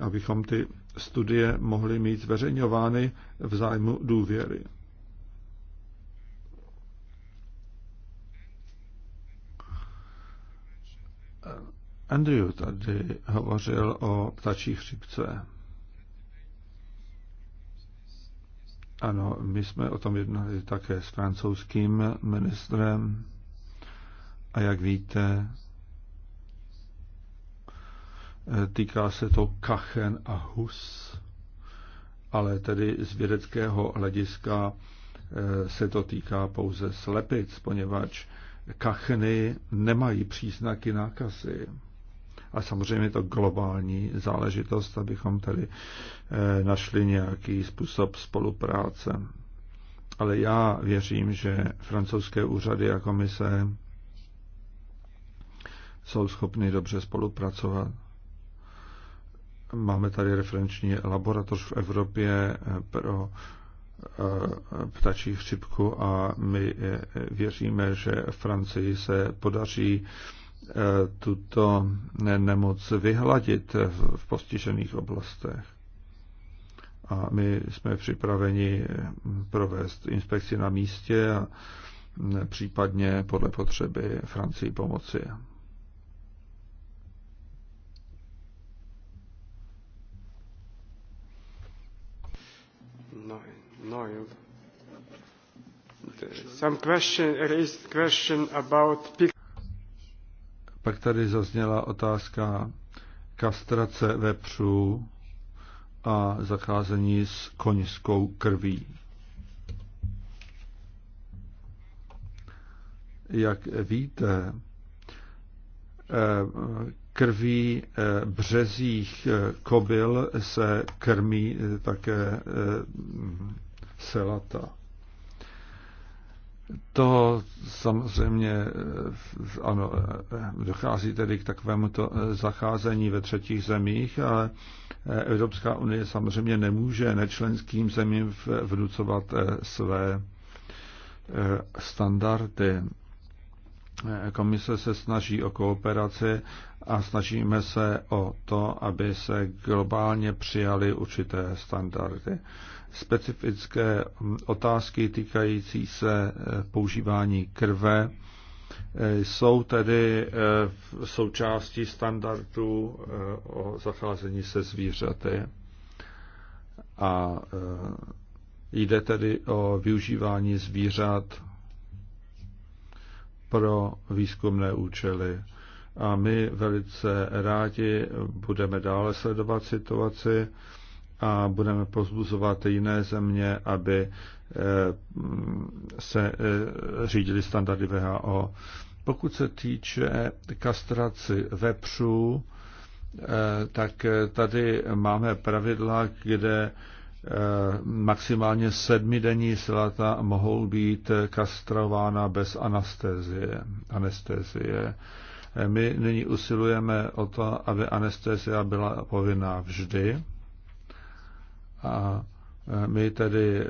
abychom ty studie mohly mít zveřejňovány v zájmu důvěry. Andrew tady hovořil o ptačí chřipce. Ano, my jsme o tom jednali také s francouzským ministrem a jak víte, eh, týká se to Kachen a Hus, ale tedy z vědeckého hlediska eh, se to týká pouze slepic, poněvadž kachny nemají příznaky nákazy. A samozřejmě to globální záležitost, abychom tady eh, našli nějaký způsob spolupráce. Ale já věřím, že francouzské úřady a komise jsou schopny dobře spolupracovat. Máme tady referenční laboratoř v Evropě eh, pro eh, ptačí chřipku a my věříme, že Francii se podaří Eh, tuto nemoc vyhladit v postižených oblastech. A my jsme připraveni provést inspekci na místě a případně podle potřeby Francii pomoci. No, no, some question, raised question about pak tady zazněla otázka kastrace vepřů a zacházení s koňskou krví. Jak víte, eh, krví eh, březích eh, kobyl se krmí také selata. To samozřejmě, ano, dochází tedy k takovému to zacházení ve třetích zemích, ale Evropská unie samozřejmě nemůže nečlenským zemím vnucovat eh, své eh, standardy. Komise se snaží o kooperaci a snažíme se o to, aby se globálně přijaly určité standardy. Specifické otázky týkající se eh, používání krve eh, jsou tedy eh, v součástí standardů o zacházení se zvířaty. A jde tedy o využívání zvířat pro výzkumné účely. A my velice rádi budeme dále sledovat situaci a budeme pozbuzovat jiné země, aby eh, se eh, řídili standardy VHO. Pokud se týče kastraci vepřů, eh, tak tady máme pravidla, kde Eh, maximálně sedmidenní silata mohou být kastrována bez anestezie. anestezie. Eh, my nyní usilujeme o to, aby anestezia byla povinná vždy. A eh, my tedy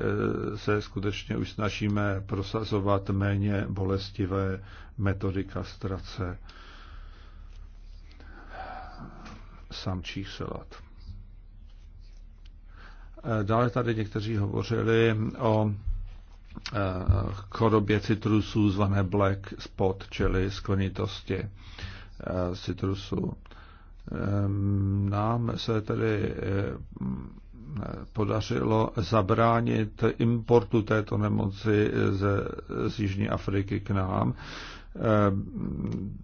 se skutečně už snažíme prosazovat méně bolestivé metody kastrace samčích selat. Dále tady někteří hovořili o eh, chorobě citrusů zvané black spot, čili sklenitosti eh, citrusu. Ehm, nám se tedy eh, podařilo zabránit importu této nemoci ze, z Jižní Afriky k nám. Ehm,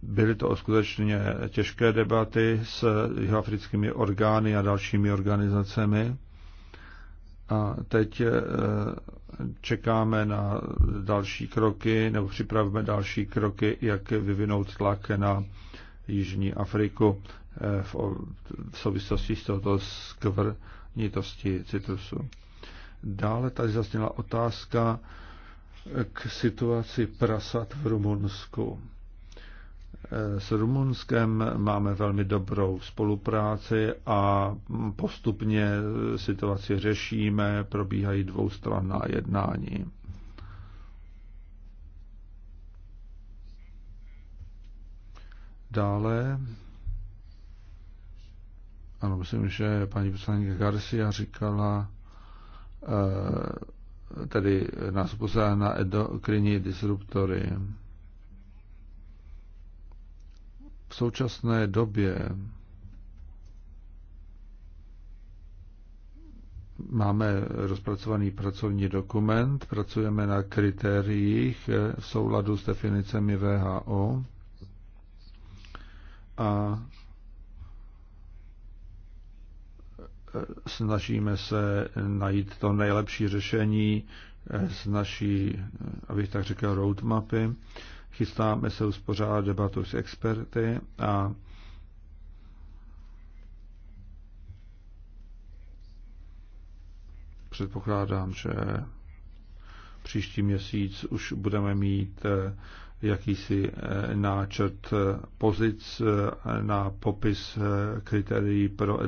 byly to skutečně těžké debaty s jihoafrickými orgány a dalšími organizacemi. A teď eh, čekáme na další kroky, nebo připravíme další kroky, jak vyvinout tlak na Jižní Afriku eh, v, v souvislosti s touto skvrnitostí citrusu. Dále tady zazněla otázka k situaci prasat v Rumunsku. S Rumunskem máme velmi dobrou spolupráci a postupně situaci řešíme, probíhají dvoustranná jednání. Dále, ano, myslím, že paní poslankyně Garcia říkala, eh, tedy nás pozná na endokrinní disruptory. v současné době máme rozpracovaný pracovní dokument, pracujeme na kritériích v souladu s definicemi VHO a snažíme se najít to nejlepší řešení z naší, abych tak řekl, roadmapy Chystáme se uspořádat debatu s experty a předpokládám, že příští měsíc už budeme mít eh, jakýsi eh, náčrt eh, pozic na popis kritérií pro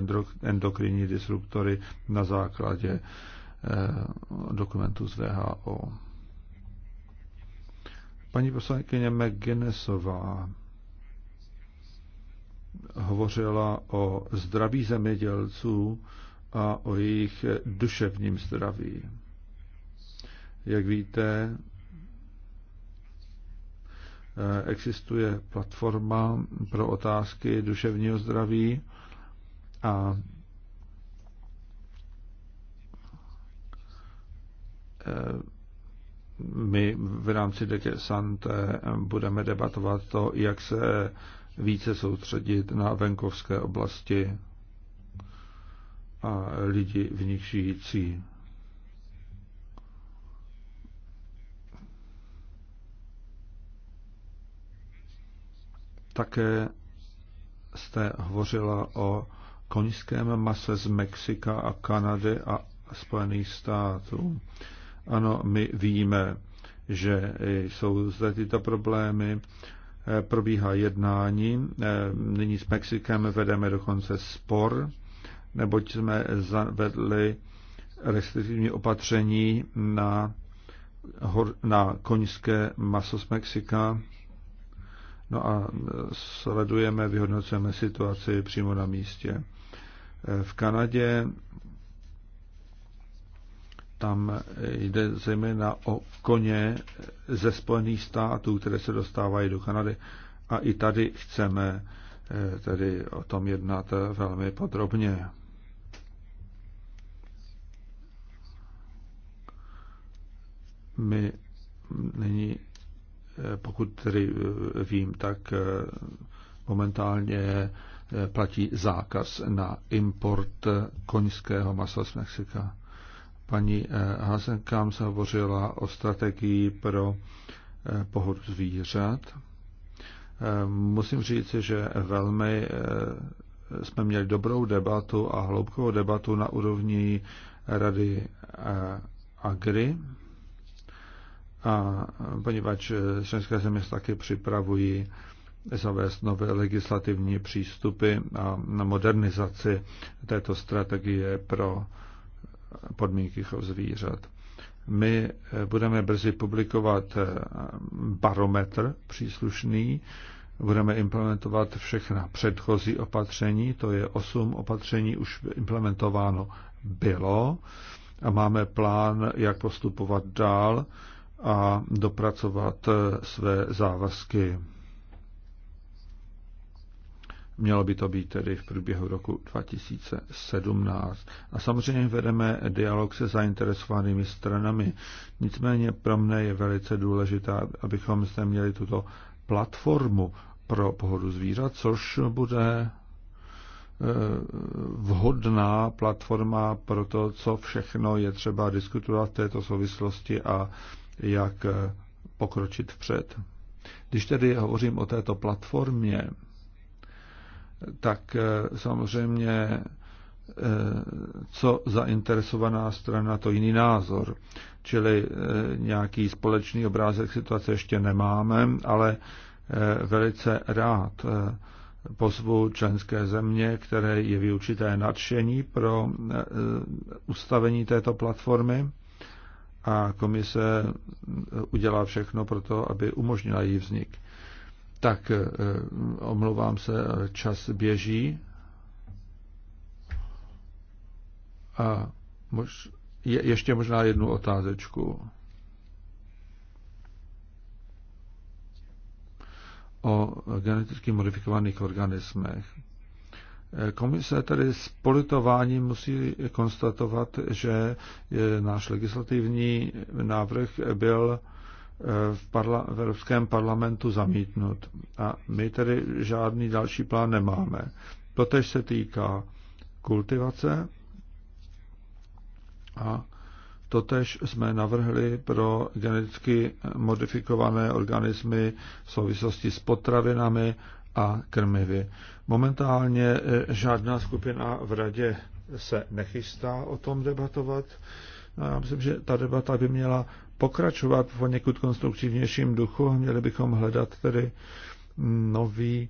endokrinní disruptory na základě dokumentu z VHO. Paní poslankyně McGuinnessová hovořila o zdraví zemědělců a o jejich duševním zdraví. Jak víte, existuje platforma pro otázky duševního zdraví a my v rámci Deke Sante budeme debatovat to, jak se více soustředit na venkovské oblasti a lidi v nich žijící. Také jste hovořila o koňském mase z Mexika a Kanady a Spojených států. Ano, my víme, že jsou zde tyto problémy, probíhá jednání, nyní s Mexikem vedeme dokonce spor, neboť jsme zavedli restriktivní opatření na, na koňské maso z Mexika. No a sledujeme, vyhodnocujeme situaci přímo na místě. V Kanadě tam jde zejména o koně ze Spojených států, které se dostávají do Kanady. A i tady chceme eh, tedy o tom jednat velmi podrobně. My nyní, eh, pokud tedy eh, vím, tak momentálně platí zákaz na import koňského masa z Mexika. Paní eh, Hasenkám se hovořila o strategii pro eh, pohodu zvířat. Eh, musím říct, že velmi jsme měli dobrou debatu a hloubkovou debatu na úrovni Rady Agri. A poněvadž členské země se taky připravují zavést nové legislativní přístupy a na modernizaci této strategie pro podmínky chov zvířat. My eh, budeme brzy publikovat eh, barometr příslušný, budeme implementovat všechna předchozí opatření, to je osm opatření už implementováno bylo a máme plán, jak postupovat dál a dopracovat eh, své závazky. Mělo by to být tedy v průběhu roku 2017. A samozřejmě vedeme dialog se zainteresovanými stranami. Nicméně pro mne je velice důležité, abychom zde měli tuto platformu pro pohodu zvířat, což bude e, vhodná platforma pro to, co všechno je třeba diskutovat v této souvislosti a jak pokročit vpřed. Když tedy hovořím o této platformě, tak eh, samozřejmě eh, co zainteresovaná strana, to jiný názor. Čili eh, nějaký společný obrázek situace ještě nemáme, ale velice rád pozvu členské země, které je vyučité nadšení pro ustavení této platformy a komise udělá všechno pro to, aby umožnila její vznik. Tak eh, eh, omlouvám se, čas běží. A mož, je, ještě možná jednu otázečku. O geneticky modifikovaných organismech. Eh, komise tedy s politováním musí konstatovat, že náš legislativní návrh byl v, parla- v Evropském parlamentu zamítnut. A my tedy žádný další plán nemáme. Totež se týká kultivace a totež jsme navrhli pro geneticky modifikované organismy v souvislosti s potravinami a krmivy. Momentálně e, žádná skupina v radě se nechystá o tom debatovat. No, já myslím, že ta debata by měla pokračovat v někud konstruktivnějším duchu měli bychom hledat tedy nový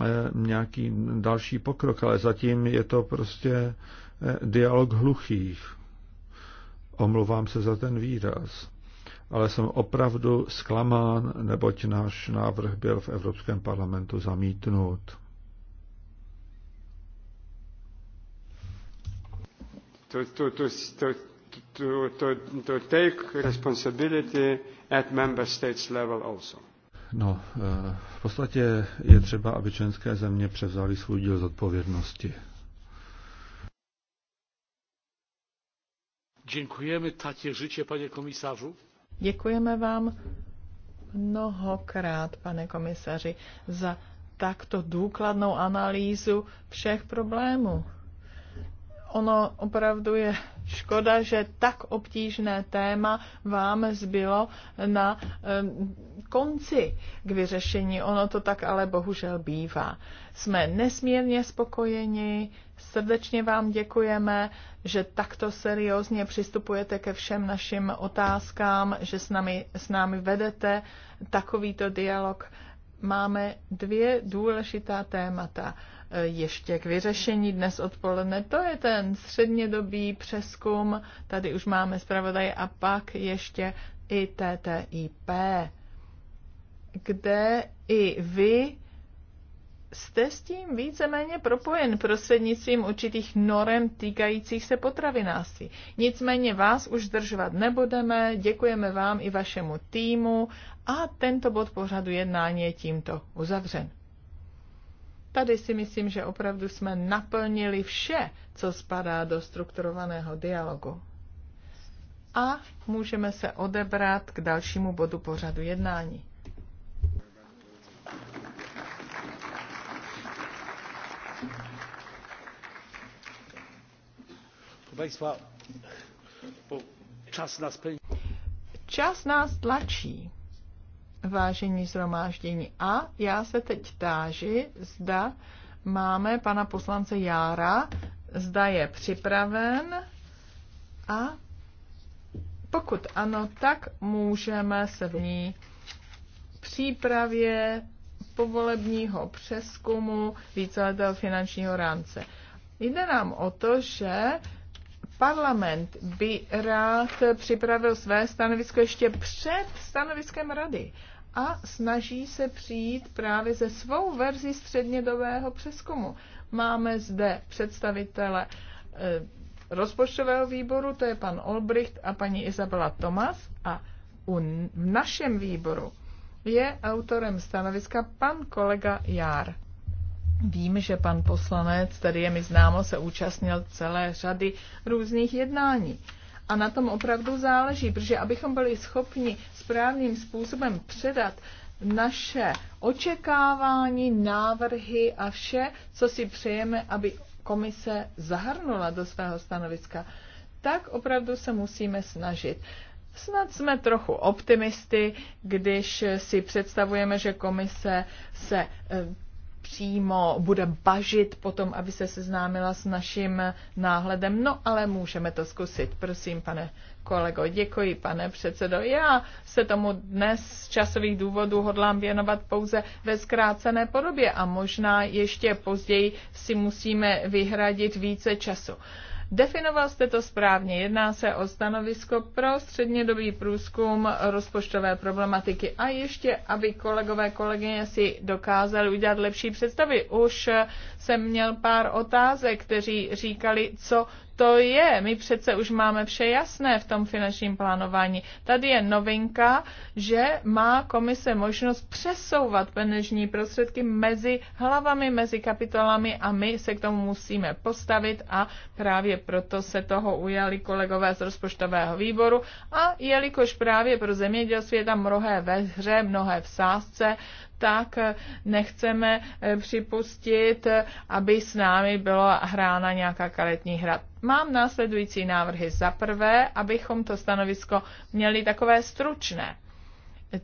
eh, nějaký další pokrok, ale zatím je to prostě eh, dialog hluchých. Omlouvám se za ten výraz. Ale jsem opravdu zklamán, neboť náš návrh byl v Evropském parlamentu zamítnut. To, to, to, to, to, to, to take responsibility at member states level also. No, eh, v podstatě je třeba, aby členské země převzaly svůj díl zodpovědnosti. Děkujeme tati życie, pane komisařu. Děkujeme vám mnohokrát, pane komisaři, za takto důkladnou analýzu všech problémů. Ono opravdu je Škoda, že tak obtížné téma vám zbylo na um, konci k vyřešení. Ono to tak ale bohužel bývá. Jsme nesmírně spokojeni, srdečně vám děkujeme, že takto seriózně přistupujete ke všem našim otázkám, že s námi, s námi vedete takovýto dialog. Máme dvě důležitá témata ještě k vyřešení dnes odpoledne. To je ten střednědobý přeskum. Tady už máme zpravodaj a pak ještě i TTIP, kde i vy jste s tím víceméně propojen prostřednictvím určitých norem týkajících se potravinářství. Nicméně vás už zdržovat nebudeme, děkujeme vám i vašemu týmu a tento bod pořadu jednání je tímto uzavřen. Tady si myslím, že opravdu jsme naplnili vše, co spadá do strukturovaného dialogu. A můžeme se odebrat k dalšímu bodu pořadu jednání. Čas nás tlačí vážení zhromáždění. A já se teď táži, zda máme pana poslance Jára, zda je připraven a pokud ano, tak můžeme se v ní přípravě povolebního přeskumu víceletého finančního rámce. Jde nám o to, že parlament by rád připravil své stanovisko ještě před stanoviskem rady a snaží se přijít právě ze svou verzi střednědobého přeskumu. Máme zde představitele eh, rozpočtového výboru, to je pan Olbricht a paní Izabela Tomas a u, v našem výboru je autorem stanoviska pan kolega Jár. Vím, že pan poslanec, tady je mi známo, se účastnil celé řady různých jednání. A na tom opravdu záleží, protože abychom byli schopni správným způsobem předat naše očekávání, návrhy a vše, co si přejeme, aby komise zahrnula do svého stanoviska, tak opravdu se musíme snažit. Snad jsme trochu optimisty, když si představujeme, že komise se eh, přímo bude bažit potom, aby se seznámila s naším náhledem. No, ale můžeme to zkusit. Prosím, pane kolego, děkuji, pane předsedo. Já se tomu dnes z časových důvodů hodlám věnovat pouze ve zkrácené podobě a možná ještě později si musíme vyhradit více času. Definoval jste to správně. Jedná se o stanovisko pro střednědobý průzkum rozpočtové problematiky. A ještě, aby kolegové, kolegyně si dokázali udělat lepší představy. Už jsem měl pár otázek, kteří říkali, co to je. My přece už máme vše jasné v tom finančním plánování. Tady je novinka, že má komise možnost přesouvat peněžní prostředky mezi hlavami, mezi kapitolami a my se k tomu musíme postavit a právě proto se toho ujali kolegové z rozpočtového výboru a jelikož právě pro zemědělství je tam mnohé ve hře, mnohé v sázce, tak nechceme eh, připustit, aby s námi byla hrána nějaká karetní hra. Mám následující návrhy. Za prvé, abychom to stanovisko měli takové stručné.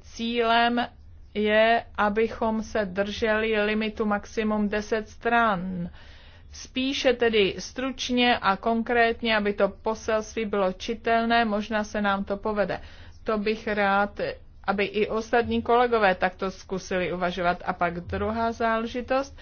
Cílem je, abychom se drželi limitu maximum 10 stran. Spíše tedy stručně a konkrétně, aby to poselství bylo čitelné, možná se nám to povede. To bych rád aby i ostatní kolegové takto zkusili uvažovat. A pak druhá záležitost,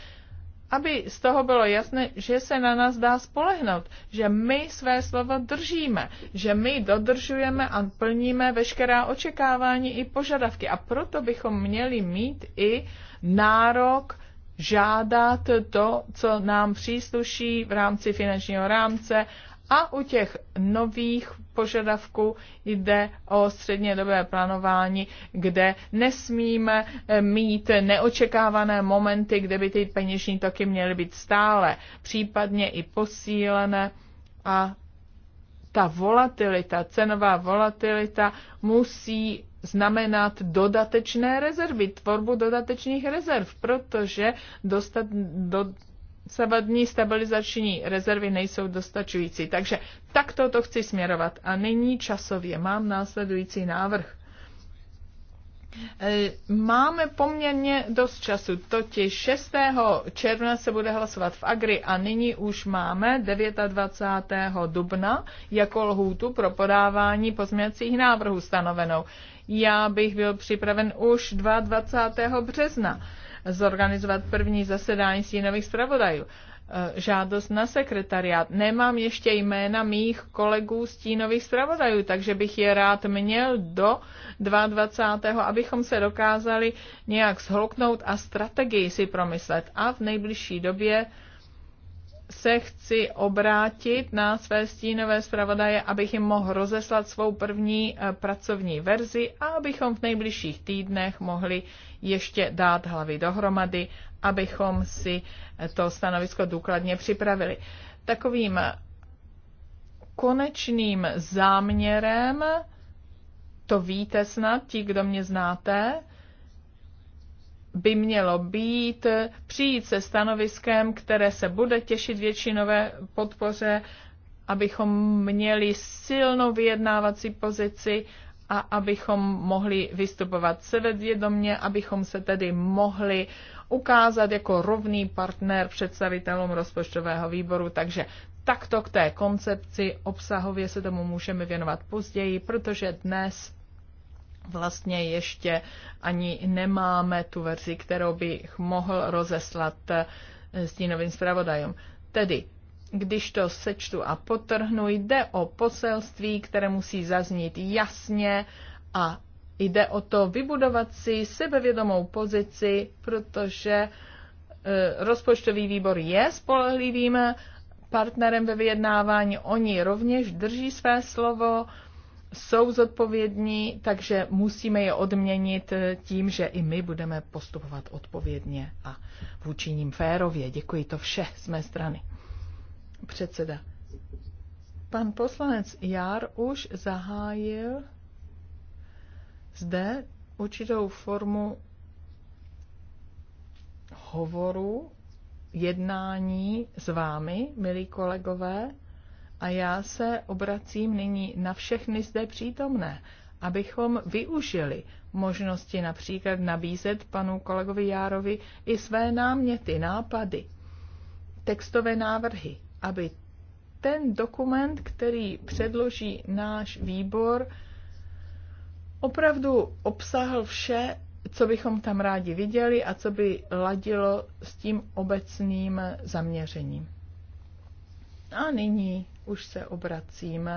aby z toho bylo jasné, že se na nás dá spolehnout, že my své slovo držíme, že my dodržujeme a plníme veškerá očekávání i požadavky. A proto bychom měli mít i nárok žádat to, co nám přísluší v rámci finančního rámce, a u těch nových požadavků jde o střednědobé plánování, kde nesmíme eh, mít neočekávané momenty, kde by ty peněžní toky měly být stále, případně i posílené a ta volatilita, cenová volatilita musí znamenat dodatečné rezervy, tvorbu dodatečných rezerv, protože dostat, do, Savadní stabilizační rezervy nejsou dostačující. Takže takto to chci směrovat. A nyní časově mám následující návrh. E, máme poměrně dost času, totiž 6. června se bude hlasovat v Agri a nyní už máme 29. dubna jako lhůtu pro podávání pozměňovacích návrhů stanovenou. Já bych byl připraven už 22. března zorganizovat první zasedání stínových zpravodajů. E, žádost na sekretariát. Nemám ještě jména mých kolegů stínových zpravodajů, takže bych je rád měl do 22. abychom se dokázali nějak zhluknout a strategii si promyslet. A v nejbližší době se chci obrátit na své stínové zpravodaje, abych jim mohl rozeslat svou první eh, pracovní verzi a abychom v nejbližších týdnech mohli ještě dát hlavy dohromady, abychom si eh, to stanovisko důkladně připravili. Takovým eh, konečným záměrem, to víte snad, ti, kdo mě znáte, by mělo být přijít se stanoviskem, které se bude těšit většinové podpoře, abychom měli silnou vyjednávací pozici a abychom mohli vystupovat sebevědomně, abychom se tedy mohli ukázat jako rovný partner představitelům rozpočtového výboru. Takže takto k té koncepci obsahově se tomu můžeme věnovat později, protože dnes vlastně ještě ani nemáme tu verzi, kterou bych mohl rozeslat eh, stínovým zpravodajům. Tedy, když to sečtu a potrhnu, jde o poselství, které musí zaznít jasně a jde o to vybudovat si sebevědomou pozici, protože eh, rozpočtový výbor je spolehlivým partnerem ve vyjednávání. Oni rovněž drží své slovo, jsou zodpovědní, takže musíme je odměnit eh, tím, že i my budeme postupovat odpovědně a vůči ním férově. Děkuji to vše z mé strany. Předseda. Pan poslanec Jár už zahájil zde určitou formu hovoru, jednání s vámi, milí kolegové. A já se obracím nyní na všechny zde přítomné, abychom využili možnosti například nabízet panu kolegovi Járovi i své náměty, nápady, textové návrhy, aby ten dokument, který předloží náš výbor, opravdu obsahl vše, co bychom tam rádi viděli a co by ladilo s tím obecným zaměřením. A nyní už se obracím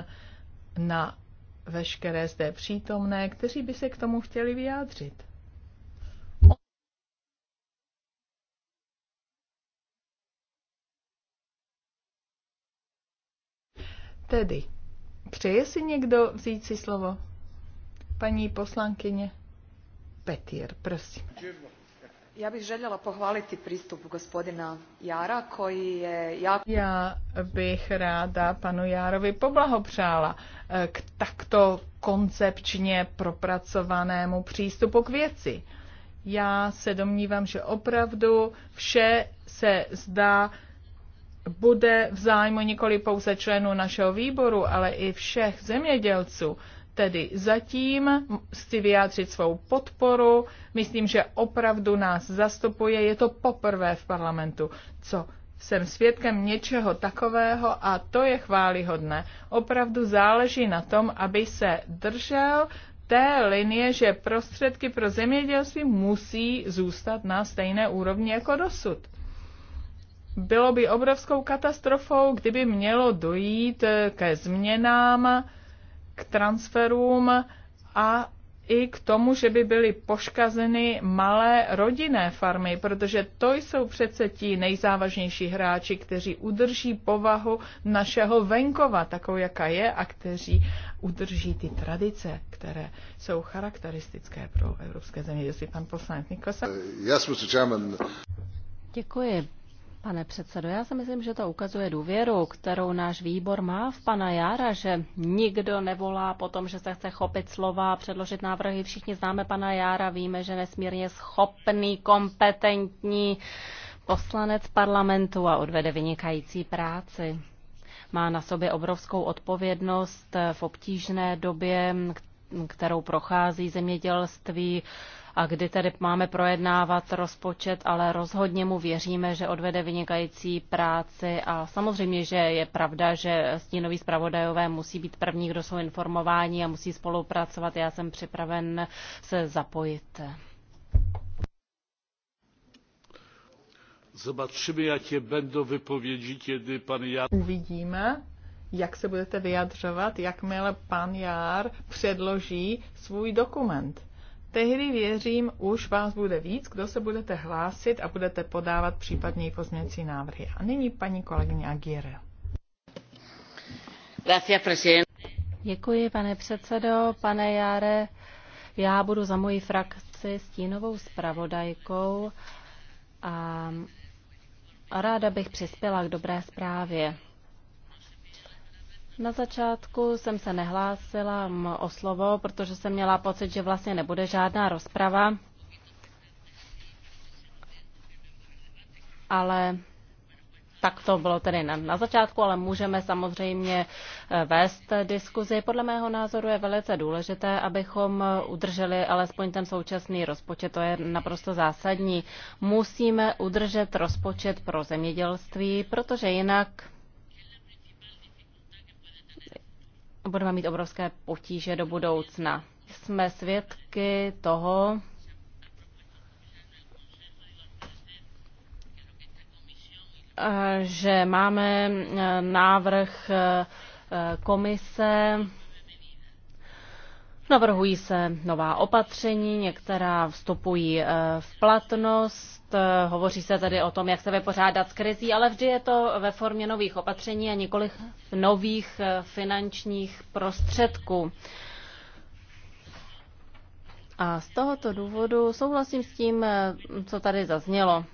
na veškeré zde přítomné, kteří by se k tomu chtěli vyjádřit. Tedy, přeje si někdo vzít si slovo? Paní poslankyně Petier, prosím. Děkujeme. Ja bih željela pohvaliti pristup gospodina Jara koji je jako... Já bych ráda panu Jarovi poblahopřála eh, k takto koncepčně propracovanému přístupu k věci. Já se domnívám, že opravdu vše se zdá bude v zájmu nikoli pouze členů našeho výboru, ale i všech zemědělců. Tedy zatím chci vyjádřit svou podporu. Myslím, že opravdu nás zastupuje. Je to poprvé v parlamentu, co jsem svědkem něčeho takového a to je chválihodné. Opravdu záleží na tom, aby se držel té linie, že prostředky pro zemědělství musí zůstat na stejné úrovni jako dosud. Bylo by obrovskou katastrofou, kdyby mělo dojít ke změnám k transferům a i k tomu, že by byly poškazeny malé rodinné farmy, protože to jsou přece ti nejzávažnější hráči, kteří udrží povahu našeho venkova, takovou jaká je, a kteří udrží ty tradice, které jsou charakteristické pro evropské Jestli Pan poslanec Nikosa. Děkuji, Pane předsedo, já si myslím, že to ukazuje důvěru, kterou náš výbor má v pana Jara, že nikdo nevolá po tom, že se chce chopit slova, předložit návrhy. Všichni známe pana Jára, víme, že nesmírně schopný, kompetentní poslanec parlamentu a odvede vynikající práci. Má na sobě obrovskou odpovědnost v obtížné době, kterou prochází zemědělství a kdy tedy máme projednávat rozpočet, ale rozhodně mu věříme, že odvede vynikající práci a samozřejmě, že je pravda, že stínoví zpravodajové musí být první, kdo jsou informováni a musí spolupracovat. Já jsem připraven se zapojit. Zobaczymy, jakie będą wypowiedzi, kiedy pan Jan... Uvidíme, jak se budete vyjadřovat, jakmile pan Jár předloží svůj dokument. Tehdy věřím, už vás bude víc, kdo se budete hlásit a budete podávat případně pozměnící návrhy. A nyní paní kolegyně Aguirre. Děkuji, pane předsedo, pane Járe. Já budu za moji frakci stínovou zpravodajkou a ráda bych přispěla k dobré zprávě. Na začátku jsem se nehlásila o slovo, protože jsem měla pocit, že vlastně nebude žádná rozprava. Ale tak to bylo tedy na, na začátku, ale můžeme samozřejmě eh, vést diskuzi. Podle mého názoru je velice důležité, abychom udrželi alespoň ten současný rozpočet. To je naprosto zásadní. Musíme udržet rozpočet pro zemědělství, protože jinak budeme mít obrovské potíže do budoucna. Jsme svědky toho, eh, že máme eh, návrh eh, komise Navrhují se nová opatření, některá vstupují eh, v platnost, eh, hovoří se tedy o tom, jak se vypořádat s krizí, ale vždy je to ve formě nových opatření a nikoli nových eh, finančních prostředků. A z tohoto důvodu souhlasím s tím, co tady zaznělo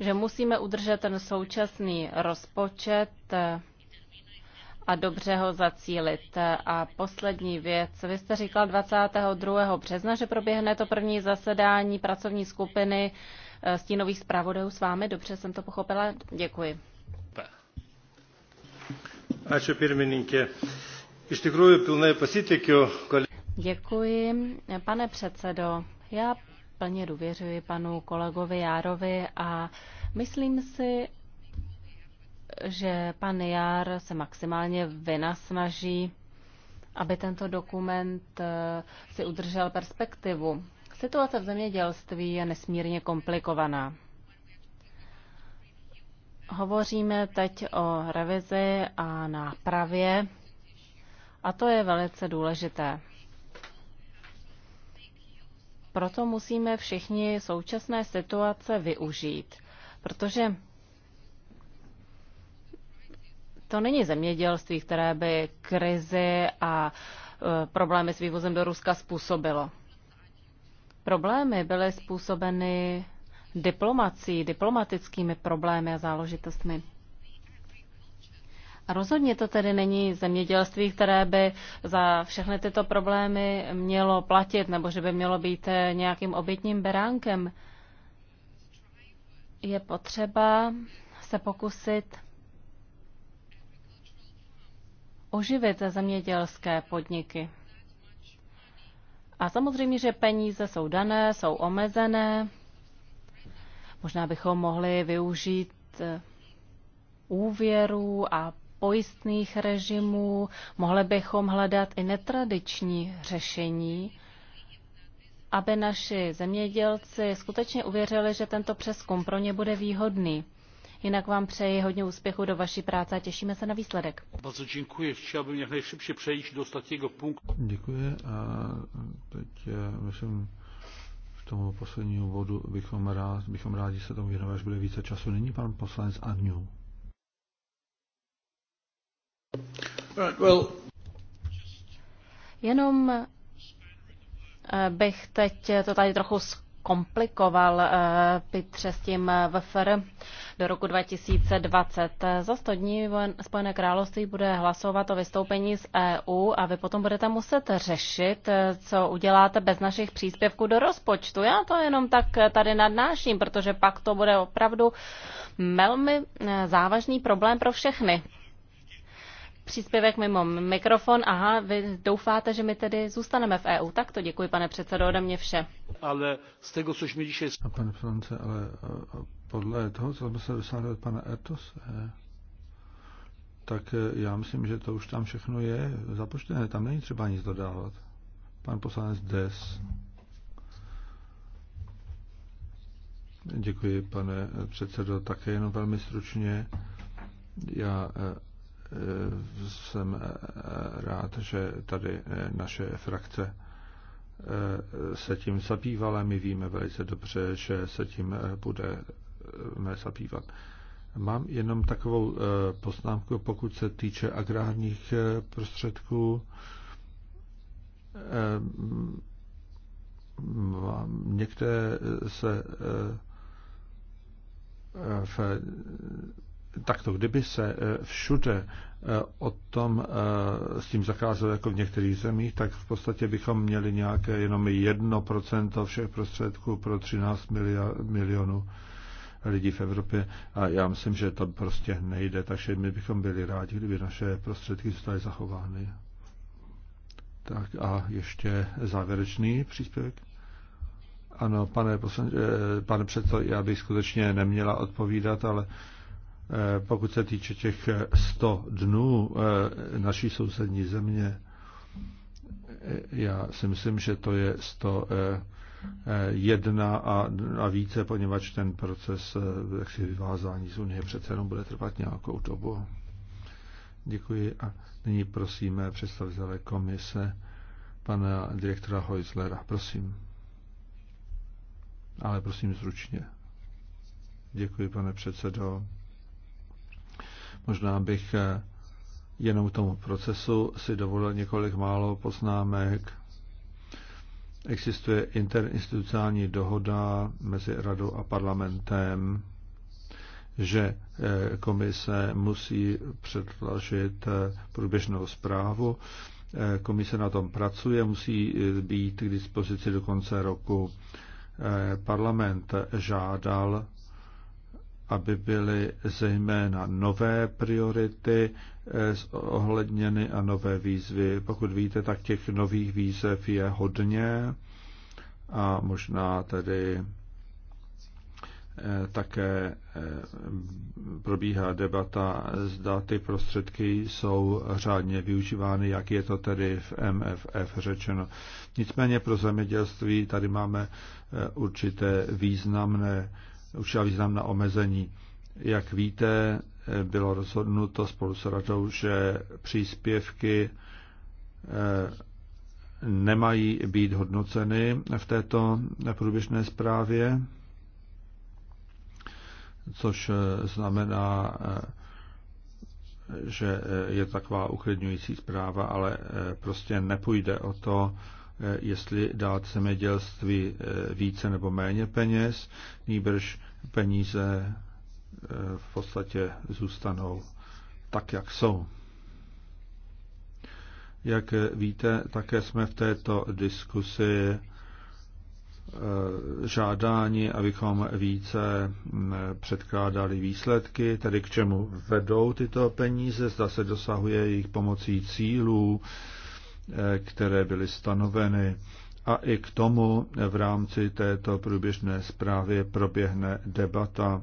že musíme udržet ten současný rozpočet a dobře ho zacílit. A poslední věc. Vy jste říkal 22. března, že proběhne to první zasedání pracovní skupiny eh, stínových zpravodajů s vámi. Dobře jsem to pochopila. Děkuji. Ačiū pirmininkė. Iš tikrųjų pilnai pasitikiu. Děkuji, pane předsedo. Já plně důvěřuji panu kolegovi Járovi a myslím si, že pan Jár se maximálně vynasnaží, aby tento dokument eh, si udržel perspektivu. Situace v zemědělství je nesmírně komplikovaná. Hovoříme teď o revizi a nápravě a to je velice důležité. Proto musíme všichni současné situace využít, protože to není zemědělství, které by krizi a e, problémy s vývozem do Ruska způsobilo. Problémy byly způsobeny diplomací, diplomatickými problémy a záložitostmi. A rozhodně to tedy není zemědělství, které by za všechny tyto problémy mělo platit, nebo že by mělo být e, nějakým obětním beránkem. Je potřeba se pokusit oživit zemědělské podniky. A samozřejmě, že peníze jsou dané, jsou omezené. Možná bychom mohli využít eh, úvěru a pojistných režimů, mohli bychom hledat i netradiční řešení, aby naši zemědělci skutečně uvěřili, že tento přeskum pro ně bude výhodný. Jinak vám přeji hodně úspěchu do vaší práce a těšíme se na výsledek. Bardzo děkuji. Chtěl bych jak nejšipši přejít do ostatního punktu. Děkuji a teď eh, myslím, v tomu posledního bodu bychom, rád, bychom rádi se tomu věnovali, až bude více času. Není pan poslanec Agnew. Right, well. Jenom eh, bych teď to tady trochu komplikoval eh, Pitře s tím eh, VFR do roku 2020. Za 100 dní Spojené království bude hlasovat o vystoupení z EU a vy potom budete muset řešit, eh, co uděláte bez našich příspěvků do rozpočtu. Já to jenom tak tady nadnáším, protože pak to bude opravdu velmi závažný problém pro všechny. Příspěvek mimo mikrofon. Aha, vy doufáte, že my tedy zůstaneme v EU. Tak to děkuji, pane předsedo, ode mě vše. Ale z toho, což mi dzisiaj... A pane Franci, ale podle toho, co jsme se dosáhli od pana Etos, e, tak e, já myslím, že to už tam všechno je započtené. Tam není třeba nic dodávat. Pan poslanec Des. Děkuji, pane předsedo, také jenom velmi stručně. Já e, jsem rád, že tady naše frakce se tím zabývala. My víme velice dobře, že se tím bude zabývat. Mám jenom takovou poznámku, pokud se týče agrárních prostředků. Některé se v takto, kdyby se e, všude e, o tom e, s tím zakázalo jako v některých zemích, tak v podstatě bychom měli nějaké jenom 1% všech prostředků pro 13 milionů lidí v Evropě a já myslím, že to prostě nejde, takže my bychom byli rádi, kdyby naše prostředky zůstaly zachovány. Tak a ještě závěrečný příspěvek. Ano, pane, pane předsedo, já bych skutečně neměla odpovídat, ale Eh, pokud se týče těch 100 eh, dnů eh, naší sousední země, já si myslím, že to je 101 a, a více, poněvadž ten proces jaksi vyvázání z Unie přece jenom bude trvat nějakou dobu. Děkuji a nyní prosíme představitele komise, pana direktora Heuslera. Prosím. Ale prosím zručně. Děkuji, pane předsedo. Možná bych eh, jenom k tomu procesu si dovolil několik málo poznámek. Existuje interinstitucionální dohoda mezi radou a parlamentem, že eh, komise musí předložit eh, průběžnou zprávu. Komise na tom pracuje, musí být k dispozici do konce roku. Parlament žádal aby byly zejména nové priority eh, ohledněny a nové výzvy. Pokud víte, tak těch nových výzev je hodně a možná tedy eh, také eh, probíhá debata, zda ty prostředky jsou řádně využívány, jak je to tedy v MFF řečeno. Nicméně pro zemědělství tady máme určité významné už určitá významná omezení. Jak víte, bylo rozhodnuto spolu s radou, že příspěvky eh, nemají být hodnoceny v této průběžné zprávě, což eh, znamená, eh, že je taková uklidňující zpráva, ale prostě nepůjde o to, jestli dát zemědělství více nebo méně peněz, nýbrž peníze eh, v podstatě zůstanou tak, jak jsou. Jak víte, také jsme v této diskusi eh, žádání, abychom více mm, předkládali výsledky, tedy k čemu vedou tyto peníze, zda se dosahuje jejich pomocí cílů, eh, které byly stanoveny a i k tomu v rámci této průběžné zprávy proběhne debata.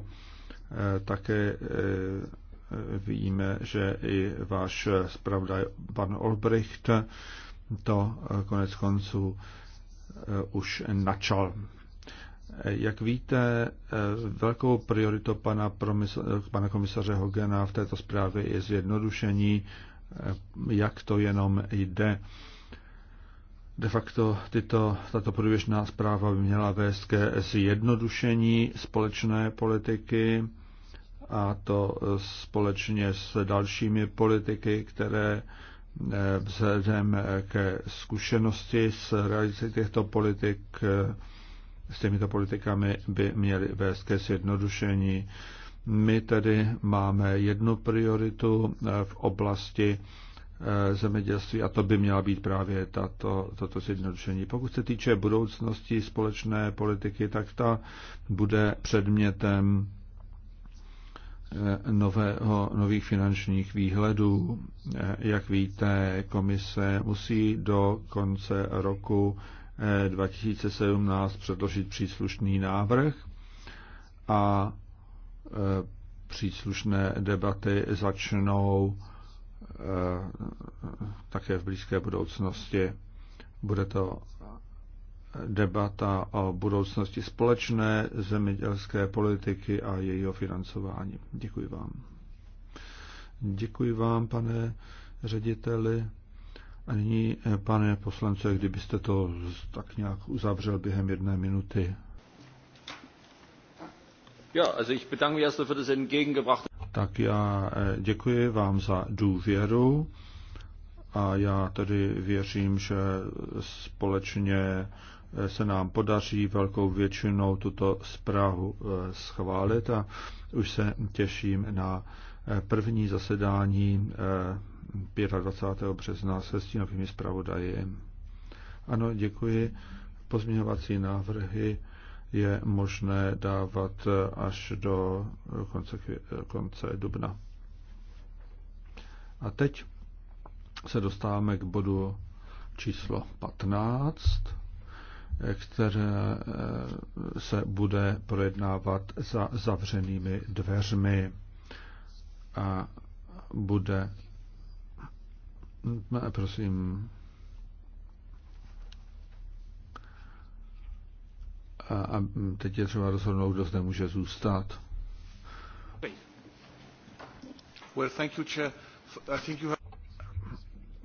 Eh, také eh, víme, že i váš zpravodaj pan Olbricht to eh, konec konců už načal. Jak víte, velkou prioritou pana, pana komisaře Hogena v této zprávě je zjednodušení, jak to jenom jde. De facto tyto, tato průběžná zpráva by měla vést ke zjednodušení společné politiky a to společně s dalšími politiky, které eh, vzhledem ke zkušenosti s realizací těchto politik eh, s těmito politikami by měly vést ke zjednodušení. My tedy máme jednu prioritu eh, v oblasti Eh, zemědělství a to by měla být právě tato, toto zjednodušení. Pokud se týče budoucnosti společné politiky, tak ta bude předmětem eh, nového, nových finančních výhledů. Eh, jak víte, komise musí do konce roku 2017 předložit příslušný návrh a příslušné debaty začnou Eh, také v blízké budoucnosti. Bude to debata o budoucnosti společné zemědělské politiky a jejího financování. Děkuji vám. Děkuji vám, pane řediteli. A nyní, eh, pane poslance, kdybyste to tak nějak uzavřel během jedné minuty. Ja, also ich bedanke mich erstmal für das entgegengebrachte tak já eh, děkuji vám za důvěru a já tedy věřím, že společně eh, se nám podaří velkou většinou tuto zprávu eh, schválit a už se těším na první zasedání 25. března se stínovými zpravodaji. Ano, děkuji. Pozměňovací návrhy je možné dávat až do konce, konce dubna. A teď se dostáváme k bodu číslo 15, které eh, se bude projednávat za zavřenými dveřmi a bude, prosím, A, a teď je třeba rozhodnout, kdo zde může zůstat. Well, thank you, Chair. I think you have...